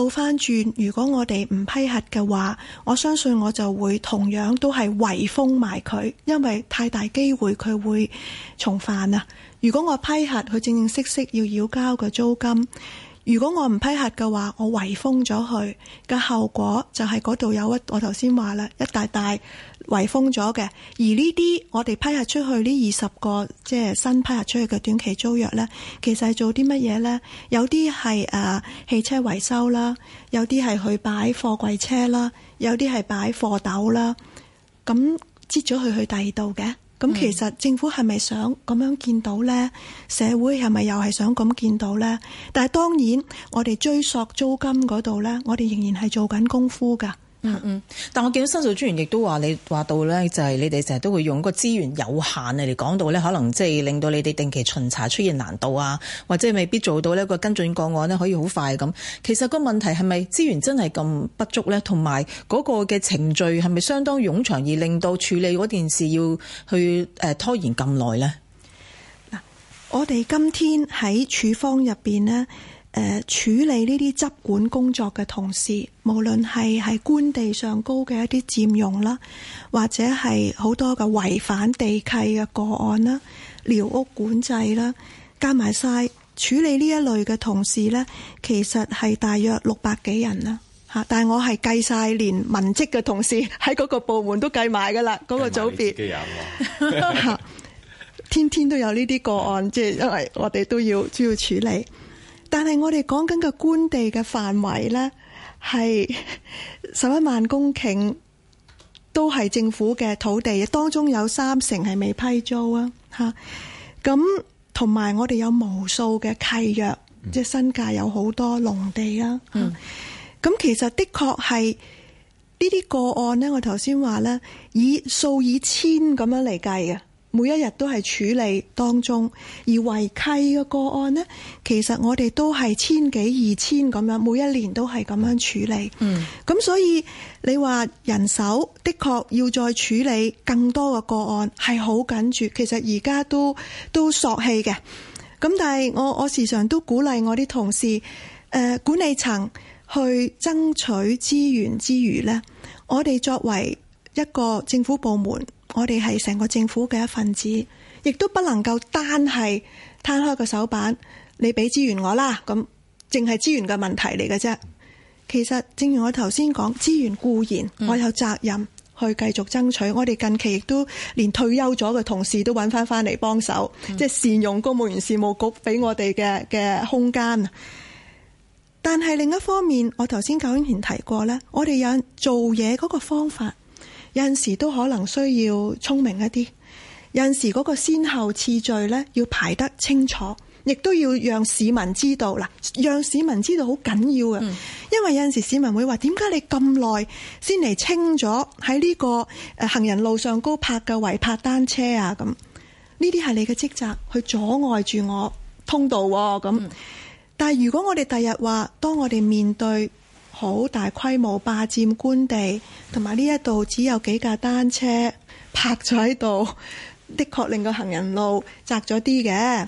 倒翻轉，如果我哋唔批核嘅話，我相信我就會同樣都係圍封埋佢，因為太大機會佢會重犯啊！如果我批核，佢正正式式要繳交個租金。如果我唔批核嘅話，我圍封咗佢，嘅後果就係嗰度有一，我頭先話啦，一大大圍封咗嘅。而呢啲我哋批核出去呢，二十個即係新批核出去嘅短期租約呢，其實係做啲乜嘢呢？有啲係誒汽車維修啦，有啲係去擺貨櫃車啦，有啲係擺貨斗啦。咁擠咗佢去第二度嘅。咁、嗯、其實政府係咪想咁樣見到咧？社會係咪又係想咁見到咧？但係當然，我哋追索租金嗰度咧，我哋仍然係做緊功夫㗎。嗯嗯，但我見到申訴專員亦都話你話到呢就係你哋成日都會用個資源有限嚟講到呢，可能即係令到你哋定期巡查出現難度啊，或者未必做到呢個跟進個案呢可以好快咁。其實個問題係咪資源真係咁不足呢？同埋嗰個嘅程序係咪相當冗長而令到處理嗰件事要去誒拖延咁耐呢？嗱，我哋今天喺處方入邊呢。誒，處理呢啲執管工作嘅同事，無論係喺官地上高嘅一啲佔用啦，或者係好多嘅違反地契嘅個案啦、寮屋管制啦，加埋晒處理呢一類嘅同事呢，其實係大約六百幾人啦。吓，但係我係計晒連文職嘅同事喺嗰個部門都計埋噶啦，嗰、嗰個組別。啊、 天天都有呢啲個案，即係因為我哋都要主要處理。但係我哋講緊嘅官地嘅範圍咧，係十一萬公頃，都係政府嘅土地，當中有三成係未批租啊！吓，咁同埋我哋有無數嘅契約，嗯、即係新界有好多農地啊，咁其實的確係呢啲個案咧，我頭先話咧，以數以千咁樣嚟計嘅。每一日都係處理當中，而違契嘅個案呢，其實我哋都係千幾二千咁樣，每一年都係咁樣處理。嗯，咁所以你話人手的確要再處理更多嘅個案，係好緊絀。其實而家都都索氣嘅。咁但係我我時常都鼓勵我啲同事，誒、呃、管理層去爭取資源之餘呢，我哋作為一個政府部門。我哋係成個政府嘅一份子，亦都不能夠單係攤開個手板，你俾資源我啦，咁淨係資源嘅問題嚟嘅啫。其實正如我頭先講，資源固然，我有責任去繼續爭取。嗯、我哋近期亦都連退休咗嘅同事都揾翻翻嚟幫手，嗯、即係善用公務員事務局俾我哋嘅嘅空間。但係另一方面，我頭先教英賢提過呢，我哋有做嘢嗰個方法。有陣時都可能需要聰明一啲，有陣時嗰個先後次序呢，要排得清楚，亦都要讓市民知道。嗱，讓市民知道好緊要嘅，因為有陣時市民會話，點解你咁耐先嚟清咗喺呢個誒行人路上高泊嘅違泊單車啊？咁呢啲係你嘅職責，去阻礙住我通道咁，啊。但係如果我哋第日話，當我哋面對。好大規模霸佔官地，同埋呢一度只有幾架單車泊咗喺度，的確令個行人路窄咗啲嘅。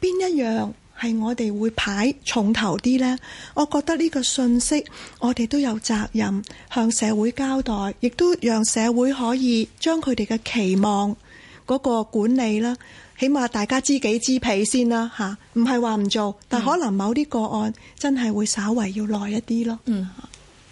邊一樣係我哋會排重頭啲呢？我覺得呢個信息我哋都有責任向社會交代，亦都讓社會可以將佢哋嘅期望嗰個管理啦。起碼大家知己知彼先啦嚇，唔係話唔做，但可能某啲個案真係會稍為要耐一啲咯。嗯，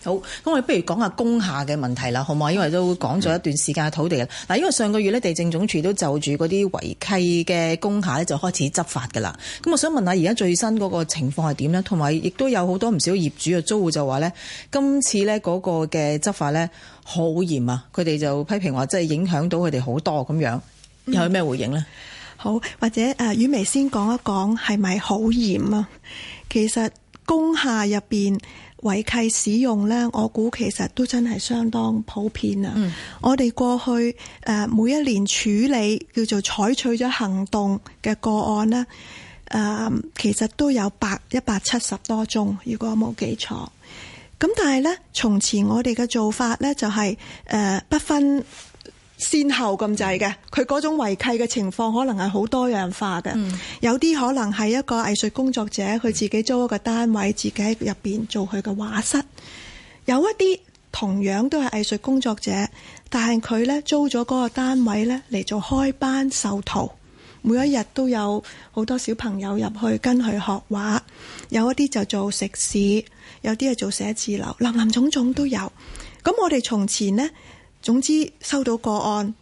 好，咁我哋不如講下工廈嘅問題啦，好唔好？因為都講咗一段時間土地啦。嗱，嗯，因為上個月咧，地政總署都就住嗰啲違契嘅工廈咧，就開始執法噶啦。咁我想問下，而家最新嗰個情況係點咧？同埋亦都有好多唔少業主嘅租戶就話咧，今次咧嗰個嘅執法咧好嚴啊，佢哋就批評話，即係影響到佢哋好多咁樣，有咩回應呢？嗯好，或者誒，婉薇先講一講係咪好嚴啊？其實工廈入邊違契使用咧，我估其實都真係相當普遍啊！嗯、我哋過去誒、呃、每一年處理叫做採取咗行動嘅個案呢，誒、呃、其實都有百一百七十多宗，如果我冇記錯。咁但係咧，從前我哋嘅做法咧就係、是、誒、呃、不分。先後咁滯嘅，佢嗰種違契嘅情況可能係好多樣化嘅。嗯、有啲可能係一個藝術工作者，佢自己租一個單位，嗯、自己喺入邊做佢嘅畫室；有一啲同樣都係藝術工作者，但係佢呢租咗嗰個單位呢嚟做開班授徒，每一日都有好多小朋友入去跟佢學畫。有一啲就做食肆，有啲係做寫字樓，林林總總都有。咁我哋從前呢。總之收到個案，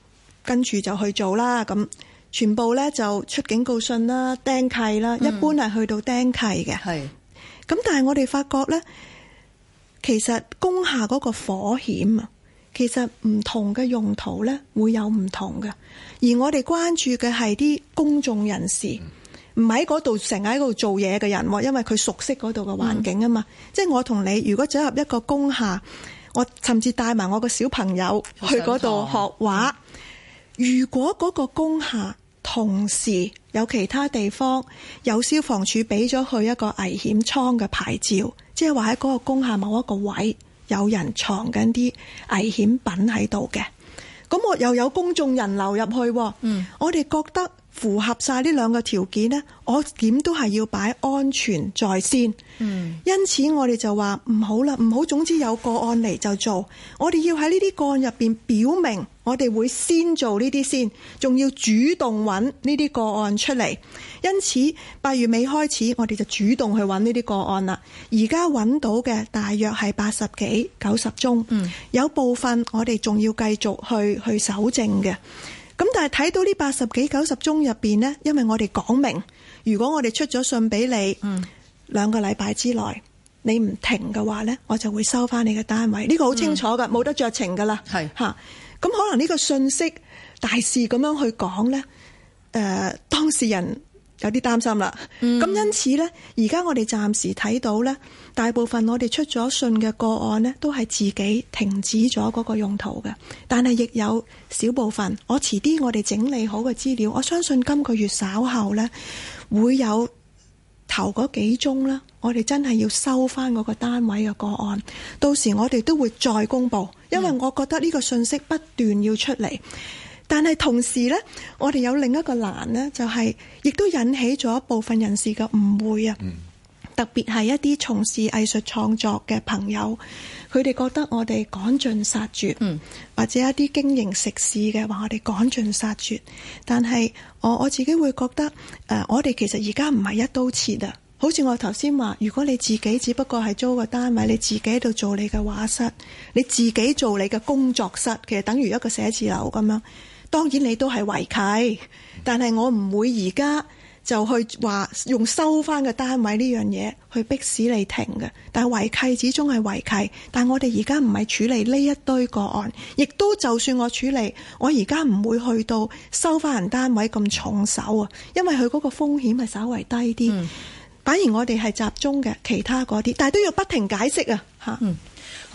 跟住就去做啦。咁全部呢就出警告信啦、釘契啦，一般係去到釘契嘅。係咁、嗯，但係我哋發覺呢，其實工廈嗰個火險啊，其實唔同嘅用途呢，會有唔同嘅。而我哋關注嘅係啲公眾人士，唔喺嗰度成日喺度做嘢嘅人，因為佢熟悉嗰度嘅環境啊嘛。嗯、即係我同你，如果走入一個工廈。我甚至帶埋我個小朋友去嗰度學畫。如果嗰個工廈同時有其他地方有消防署俾咗佢一個危險倉嘅牌照，即係話喺嗰個工廈某一個位有人藏緊啲危險品喺度嘅，咁我又有公眾人流入去，嗯，我哋覺得。符合晒呢兩個條件呢，我點都係要擺安全在先。嗯，因此我哋就話唔好啦，唔好。總之有個案嚟就做，我哋要喺呢啲個案入邊表明，我哋會先做呢啲先，仲要主動揾呢啲個案出嚟。因此八月尾開始，我哋就主動去揾呢啲個案啦。而家揾到嘅大約係八十幾九十宗，嗯、有部分我哋仲要繼續去去搜證嘅。咁但係睇到呢八十幾九十宗入邊呢，因為我哋講明，如果我哋出咗信俾你，兩、嗯、個禮拜之內你唔停嘅話呢，我就會收翻你嘅單位。呢、這個好清楚噶，冇、嗯、得酌情噶啦。係吓是，咁、啊、可能呢個信息大事咁樣去講呢，誒、呃，當事人。有啲擔心啦，咁、嗯、因此呢，而家我哋暫時睇到呢大部分我哋出咗信嘅個案呢，都係自己停止咗嗰個用途嘅，但係亦有少部分，我遲啲我哋整理好嘅資料，我相信今個月稍後呢，會有頭嗰幾宗啦，我哋真係要收翻嗰個單位嘅個案，到時我哋都會再公布，因為我覺得呢個信息不斷要出嚟。嗯但係同時呢，我哋有另一個難呢，就係亦都引起咗一部分人士嘅誤會啊！Mm. 特別係一啲從事藝術創作嘅朋友，佢哋覺得我哋趕盡殺絕，mm. 或者一啲經營食肆嘅話，我哋趕盡殺絕。但係我我自己會覺得，誒，我哋其實而家唔係一刀切啊！好似我頭先話，如果你自己只不過係租個單位，你自己喺度做你嘅畫室，你自己做你嘅工作室，其實等於一個寫字樓咁樣。當然你都係違契，但係我唔會而家就去話用收翻嘅單位呢樣嘢去逼使你停嘅。但係違契始終係違契，但係我哋而家唔係處理呢一堆個案，亦都就算我處理，我而家唔會去到收翻人單位咁重手啊，因為佢嗰個風險係稍微低啲。反而我哋係集中嘅其他嗰啲，但係都要不停解釋啊嚇。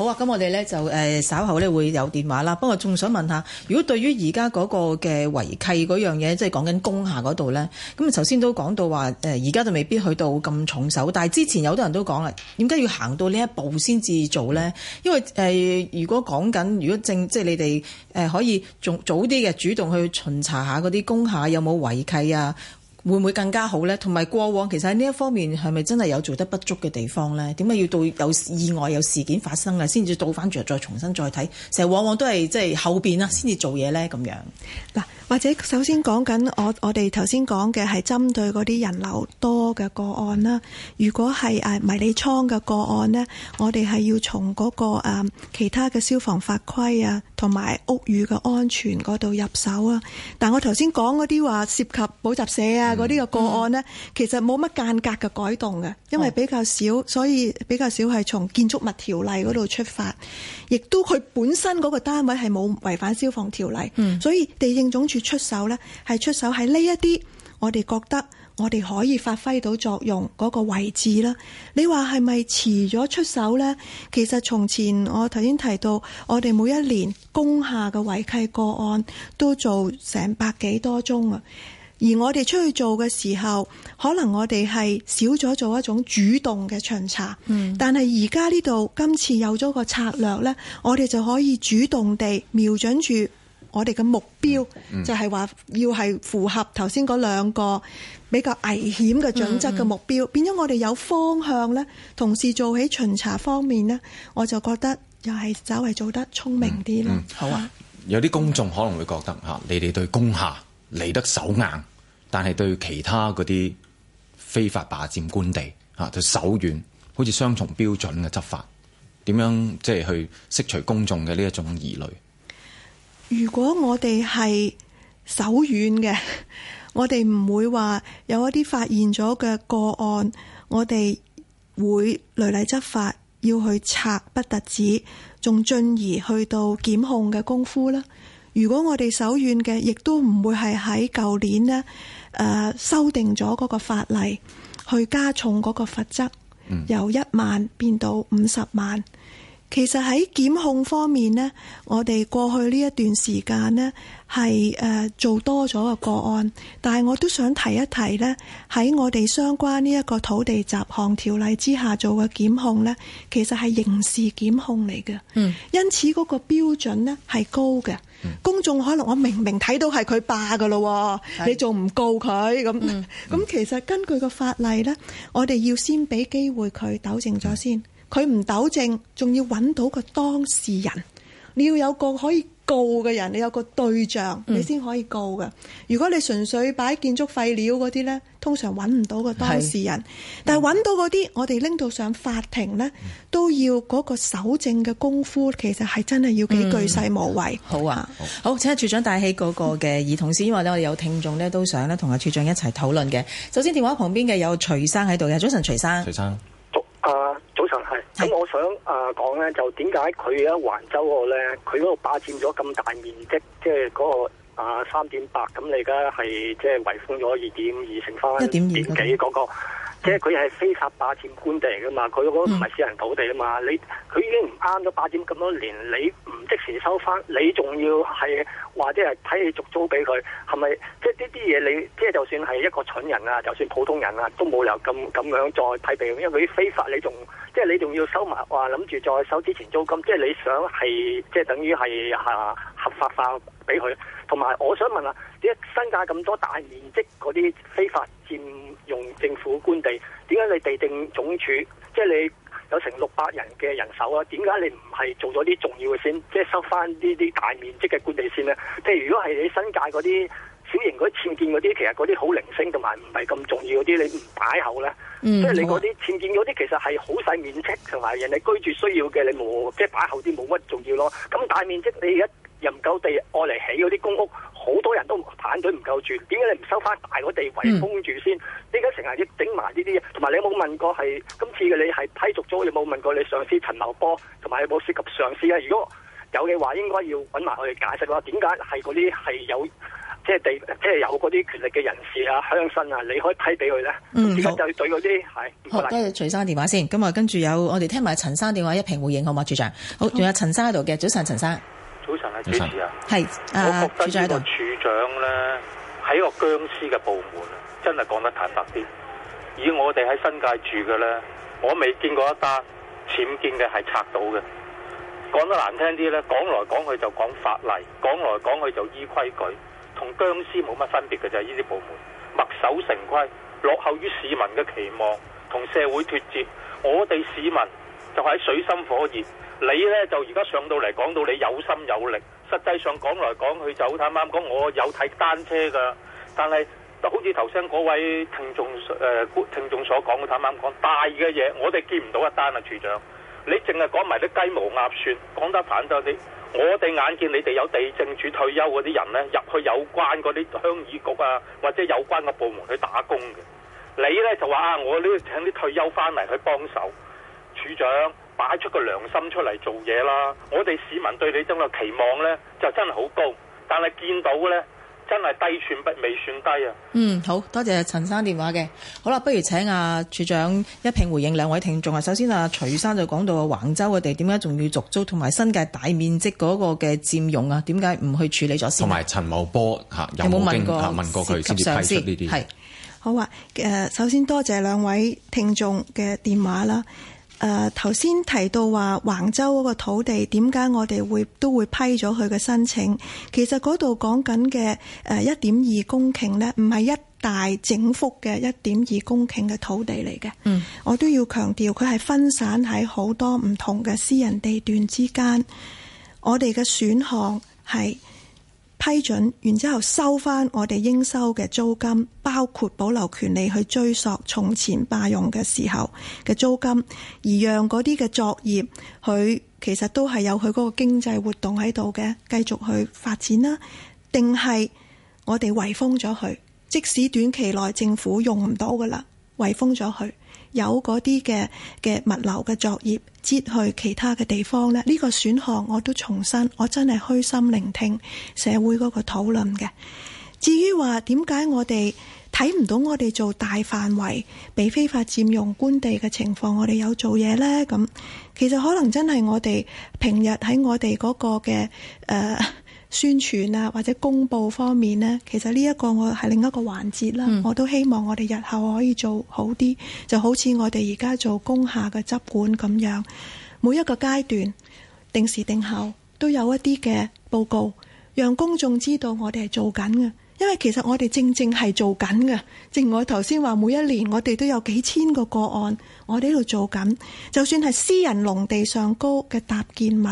好啊，咁我哋咧就誒稍後咧會有電話啦。不過仲想問下，如果對於而家嗰個嘅違契嗰樣嘢，即係講緊工廈嗰度咧，咁啊，頭先都講到話誒，而家就未必去到咁重手，但係之前有好多人都講啦，點解要行到呢一步先至做咧？因為誒、呃，如果講緊如果正即係、就是、你哋誒可以仲早啲嘅主動去巡查下嗰啲工廈有冇違契啊？會唔會更加好呢？同埋過往其實喺呢一方面係咪真係有做得不足嘅地方呢？點解要到有意外有事件發生呀，先至倒翻轉又再重新再睇？成日往往都係即係後邊啦，先至做嘢呢。咁樣。嗱，或者首先講緊我我哋頭先講嘅係針對嗰啲人流多嘅個案啦。如果係誒迷你倉嘅個案呢，我哋係要從嗰個其他嘅消防法規啊，同埋屋宇嘅安全嗰度入手啊！但我頭先講嗰啲話涉及補習社啊嗰啲嘅個案咧，嗯嗯、其實冇乜間隔嘅改動嘅，因為比較少，嗯、所以比較少係從建築物條例嗰度出發，亦都佢本身嗰個單位係冇違反消防條例，嗯、所以地政總署出手咧，係出手喺呢一啲，我哋覺得。我哋可以發揮到作用嗰個位置啦。你話係咪遲咗出手呢？其實從前我頭先提到，我哋每一年攻下嘅違契個案都做成百幾多宗啊。而我哋出去做嘅時候，可能我哋係少咗做一種主動嘅巡查。嗯。但係而家呢度，今次有咗個策略呢，我哋就可以主動地瞄準住我哋嘅目標，嗯。就係話要係符合頭先嗰兩個。比較危險嘅準則嘅目標，嗯、變咗我哋有方向呢、嗯、同時做起巡查方面呢，我就覺得又係稍微做得聰明啲咯、嗯嗯。好啊， 有啲公眾可能會覺得嚇，你哋對攻下嚟得手硬，但係對其他嗰啲非法霸佔官地嚇，就手軟，好似雙重標準嘅執法。點樣即係去釋除公眾嘅呢一種疑慮？如果我哋係手軟嘅。我哋唔會話有一啲發現咗嘅個案，我哋會雷厲執法，要去拆不特止，仲進而去到檢控嘅功夫啦。如果我哋手軟嘅，亦都唔會係喺舊年呢，誒、呃、修訂咗嗰個法例，去加重嗰個罰則，嗯、由一萬變到五十萬。其實喺檢控方面呢，我哋過去呢一段時間呢，係誒做多咗個個案，但係我都想提一提呢，喺我哋相關呢一個土地雜項條例之下做嘅檢控呢，其實係刑事檢控嚟嘅。嗯，因此嗰個標準咧係高嘅。嗯、公眾可能我明明睇到係佢霸嘅咯喎，嗯、你仲唔告佢？咁咁、嗯嗯、 其實根據個法例呢，我哋要先俾機會佢糾正咗先。嗯佢唔糾正，仲要揾到個當事人。你要有個可以告嘅人，你有個對象，你先可以告㗎。嗯、如果你純粹擺建築廢料嗰啲呢，通常揾唔到個當事人。是但係揾到嗰啲，嗯、我哋拎到上法庭呢，嗯、都要嗰個舉證嘅功夫，其實係真係要幾巨細無遺。嗯、好啊，好，好請阿署長帶起嗰個嘅兒童先，因為呢，我哋有聽眾呢，都想咧同阿署長一齊討論嘅。首先電話旁邊嘅有徐生喺度嘅，早晨徐生。啊，uh, 早晨係。咁、嗯、我想啊講咧，就點解佢喺環州嗰咧，佢嗰度霸佔咗咁大面積，即係嗰個啊三點八。咁你而家係即係圍封咗二點二成翻一點幾嗰個？呃即係佢係非法霸占官地嚟噶嘛，佢嗰個唔係私人土地啊嘛，你佢已經唔啱咗霸占咁多年，你唔即時收翻，你仲要係或者係睇你續租俾佢，係咪？即係呢啲嘢你，即係就算係一個蠢人啊，就算普通人啊，都冇理由咁咁樣再睇畀，因為佢非法你，你仲即係你仲要收埋，話諗住再收之前租金，即係你想係即係等於係吓。啊合法化俾佢，同埋我想問啊，點解新界咁多大面積嗰啲非法佔用政府官地？點解你地政總署，即係你有成六百人嘅人手啊？點解你唔係做咗啲重要嘅先，即係收翻呢啲大面積嘅官地先咧？即係如，如果係你新界嗰啲小型嗰啲僭建嗰啲，其實嗰啲好零星同埋唔係咁重要嗰啲，你唔擺口呢？即係、嗯、你嗰啲僭建嗰啲，其實係好細面積同埋人哋居住需要嘅，你冇即係擺後啲冇乜重要咯。咁大面積你而家。又唔夠地，愛嚟起嗰啲公屋，好多人都排緊隊，唔夠住。點解你唔收翻大個地圍封住先？點解成日要整埋呢啲？同埋你有冇問過係今次嘅你係批續租？有冇問過你上司陳茂波？同埋有冇涉及上司啊？如果有嘅話，應該要揾埋我哋解釋話點解係嗰啲係有即係地即係有嗰啲權力嘅人士啊、鄉紳啊，你可以批俾佢咧。嗯，就對嗰啲係。好，多謝徐生電話先，咁啊，跟住有我哋聽埋陳生電話一併回應，好嗎，署長？好，仲有陳生喺度嘅，早晨，陳生。好早晨啊，主持啊，係是，我覺得呢、啊、個處長呢，喺一個僵屍嘅部門真係講得坦白啲。以我哋喺新界住嘅呢，我未見過一單僭建嘅係拆到嘅。講得難聽啲呢，講來講去就講法例，講來講去就依規矩，同僵屍冇乜分別嘅就啫。呢啲部門墨守成規，落後於市民嘅期望，同社會脫節。我哋市民就喺水深火熱。你呢就而家上到嚟講到你有心有力，實際上講來講去就好坦白講，我有睇單車㗎，但係就好似頭先嗰位聽眾誒、呃、聽眾所講嘅，坦白講，大嘅嘢我哋見唔到一單啊，處長。你淨係講埋啲雞毛鴨蒜，講得反側啲。我哋眼見你哋有地政署退休嗰啲人呢，入去有關嗰啲鄉議局啊，或者有關嘅部門去打工嘅，你呢就話啊，我呢請啲退休翻嚟去幫手，處長。擺出個良心出嚟做嘢啦！我哋市民對你真個期望呢，就真係好高。但係見到呢，真係低算不未算低啊！嗯，好多謝陳生電話嘅。好啦，不如請阿、啊、署長一併回應兩位聽眾啊。首先啊，徐生就講到橫州嘅地點解仲要續租，同埋新界大面積嗰個嘅佔用啊，點解唔去處理咗先？同埋陳茂波、啊啊、有冇問過、啊、問過佢上司先？係好啊、呃！首先多謝兩位聽眾嘅電話啦。啊誒頭先提到話橫州嗰個土地點解我哋會都會批咗佢嘅申請？其實嗰度講緊嘅誒一點二公頃呢，唔係一大整幅嘅一點二公頃嘅土地嚟嘅。嗯，我都要強調，佢係分散喺好多唔同嘅私人地段之間。我哋嘅選項係，批准，然之後收翻我哋應收嘅租金，包括保留權利去追索從前霸用嘅時候嘅租金，而讓嗰啲嘅作業佢其實都係有佢嗰個經濟活動喺度嘅，繼續去發展啦。定係我哋圍封咗佢，即使短期內政府用唔到噶啦，圍封咗佢。有嗰啲嘅嘅物流嘅作業，接去其他嘅地方呢，呢、呢個選項我都重申，我真係虛心聆聽社會嗰個討論嘅。至於話點解我哋睇唔到我哋做大範圍被非法佔用官地嘅情況，我哋有做嘢咧，咁。其實可能真係，我哋平日喺我哋嗰個嘅誒。呃宣傳啊，或者公佈方面呢，其實呢一個我係另一個環節啦。嗯、我都希望我哋日後可以做好啲，就好似我哋而家做工廈嘅執管咁樣，每一個階段定時定候都有一啲嘅報告，讓公眾知道我哋係做緊嘅。因為其實我哋正正係做緊嘅，正如我頭先話，每一年我哋都有幾千個個案，我哋喺度做緊，就算係私人農地上高嘅搭建物，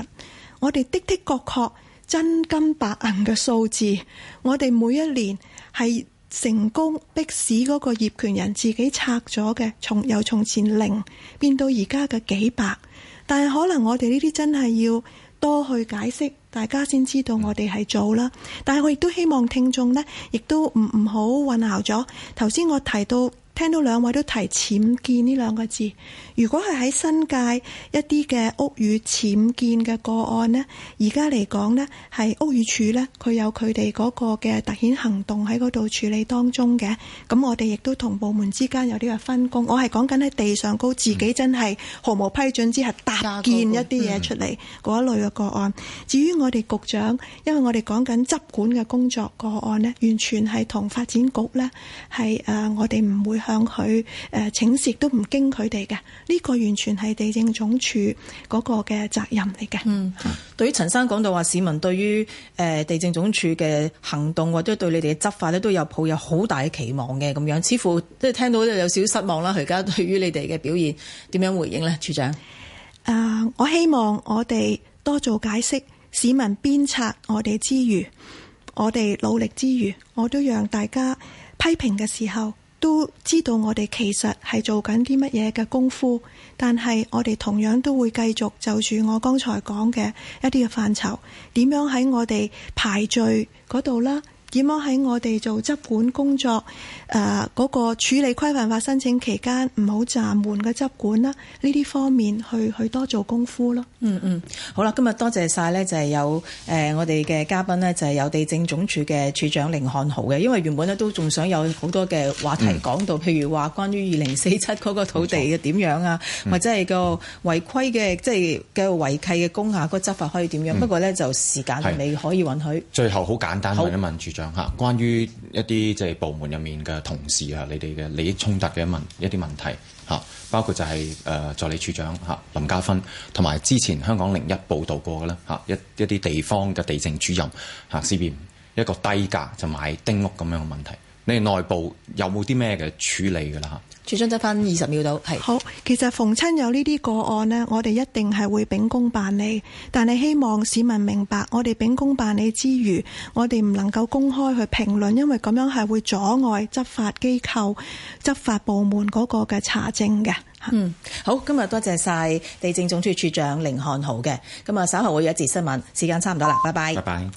我哋的的確確。真金白銀嘅數字，我哋每一年係成功逼使嗰個業權人自己拆咗嘅，從由從前零變到而家嘅幾百，但係可能我哋呢啲真係要多去解釋，大家先知道我哋係做啦。但係我亦都希望聽眾呢，亦都唔唔好混淆咗。頭先我提到。聽到兩位都提僭建呢兩個字，如果係喺新界一啲嘅屋宇僭建嘅個案咧，而家嚟講咧係屋宇署咧，佢有佢哋嗰個嘅特遣行動喺嗰度處理當中嘅。咁我哋亦都同部門之間有啲嘅分工。我係講緊喺地上高自己真係毫無批准之下搭建一啲嘢出嚟嗰類嘅個案。至於我哋局長，因為我哋講緊執管嘅工作個案咧，完全係同發展局咧係誒，我哋唔會。向佢誒、呃、請示都唔經佢哋嘅呢個，完全係地政總署嗰個嘅責任嚟嘅。嗯，對於陳生講到話，市民對於誒、呃、地政總署嘅行動或者對你哋嘅執法咧，都有抱有好大嘅期望嘅，咁樣，似乎即係聽到有少少失望啦。而家對於你哋嘅表現，點樣回應咧，署長？誒、呃，我希望我哋多做解釋，市民鞭策我哋之餘，我哋努力之餘，我都讓大家批評嘅時候。都知道我哋其實係做緊啲乜嘢嘅功夫，但係我哋同樣都會繼續就住我剛才講嘅一啲嘅範疇，點樣喺我哋排序嗰度啦。點樣喺我哋做執管工作？誒、呃，嗰、那個處理規範化申請期間唔好暫緩嘅執管啦。呢啲方面去去多做功夫咯。嗯嗯，好啦，今日多謝晒呢。就係、是、有誒、呃、我哋嘅嘉賓呢就係、是、有地政總署嘅署長甯漢豪嘅。因為原本呢都仲想有好多嘅話題講到，嗯、譬如話關於二零四七嗰個土地嘅點樣啊，嗯嗯、或者係個違規嘅，即係嘅違契嘅工廈嗰個執法可以點樣？嗯、不過呢，就時間未可以允許。最後好簡單問一問一嚇，關於一啲即係部門入面嘅同事啊，你哋嘅利益衝突嘅一問一啲問題吓，包括就係、是、誒、呃、助理處長吓、啊、林家芬，同埋之前香港零一報道過嘅啦吓一一啲地方嘅地政主任吓試驗一個低價就買丁屋咁樣嘅問題。你哋內部有冇啲咩嘅處理㗎啦？哈，署長執翻二十秒到，係好。其實逢親有呢啲個案呢，我哋一定係會秉公辦理，但係希望市民明白，我哋秉公辦理之餘，我哋唔能夠公開去評論，因為咁樣係會阻礙執法機構、執法部門嗰個嘅查證嘅。嗯，好，今日多謝晒地政總署署長甯漢豪嘅。咁啊，稍後會有一節新聞，時間差唔多啦，拜拜。拜拜。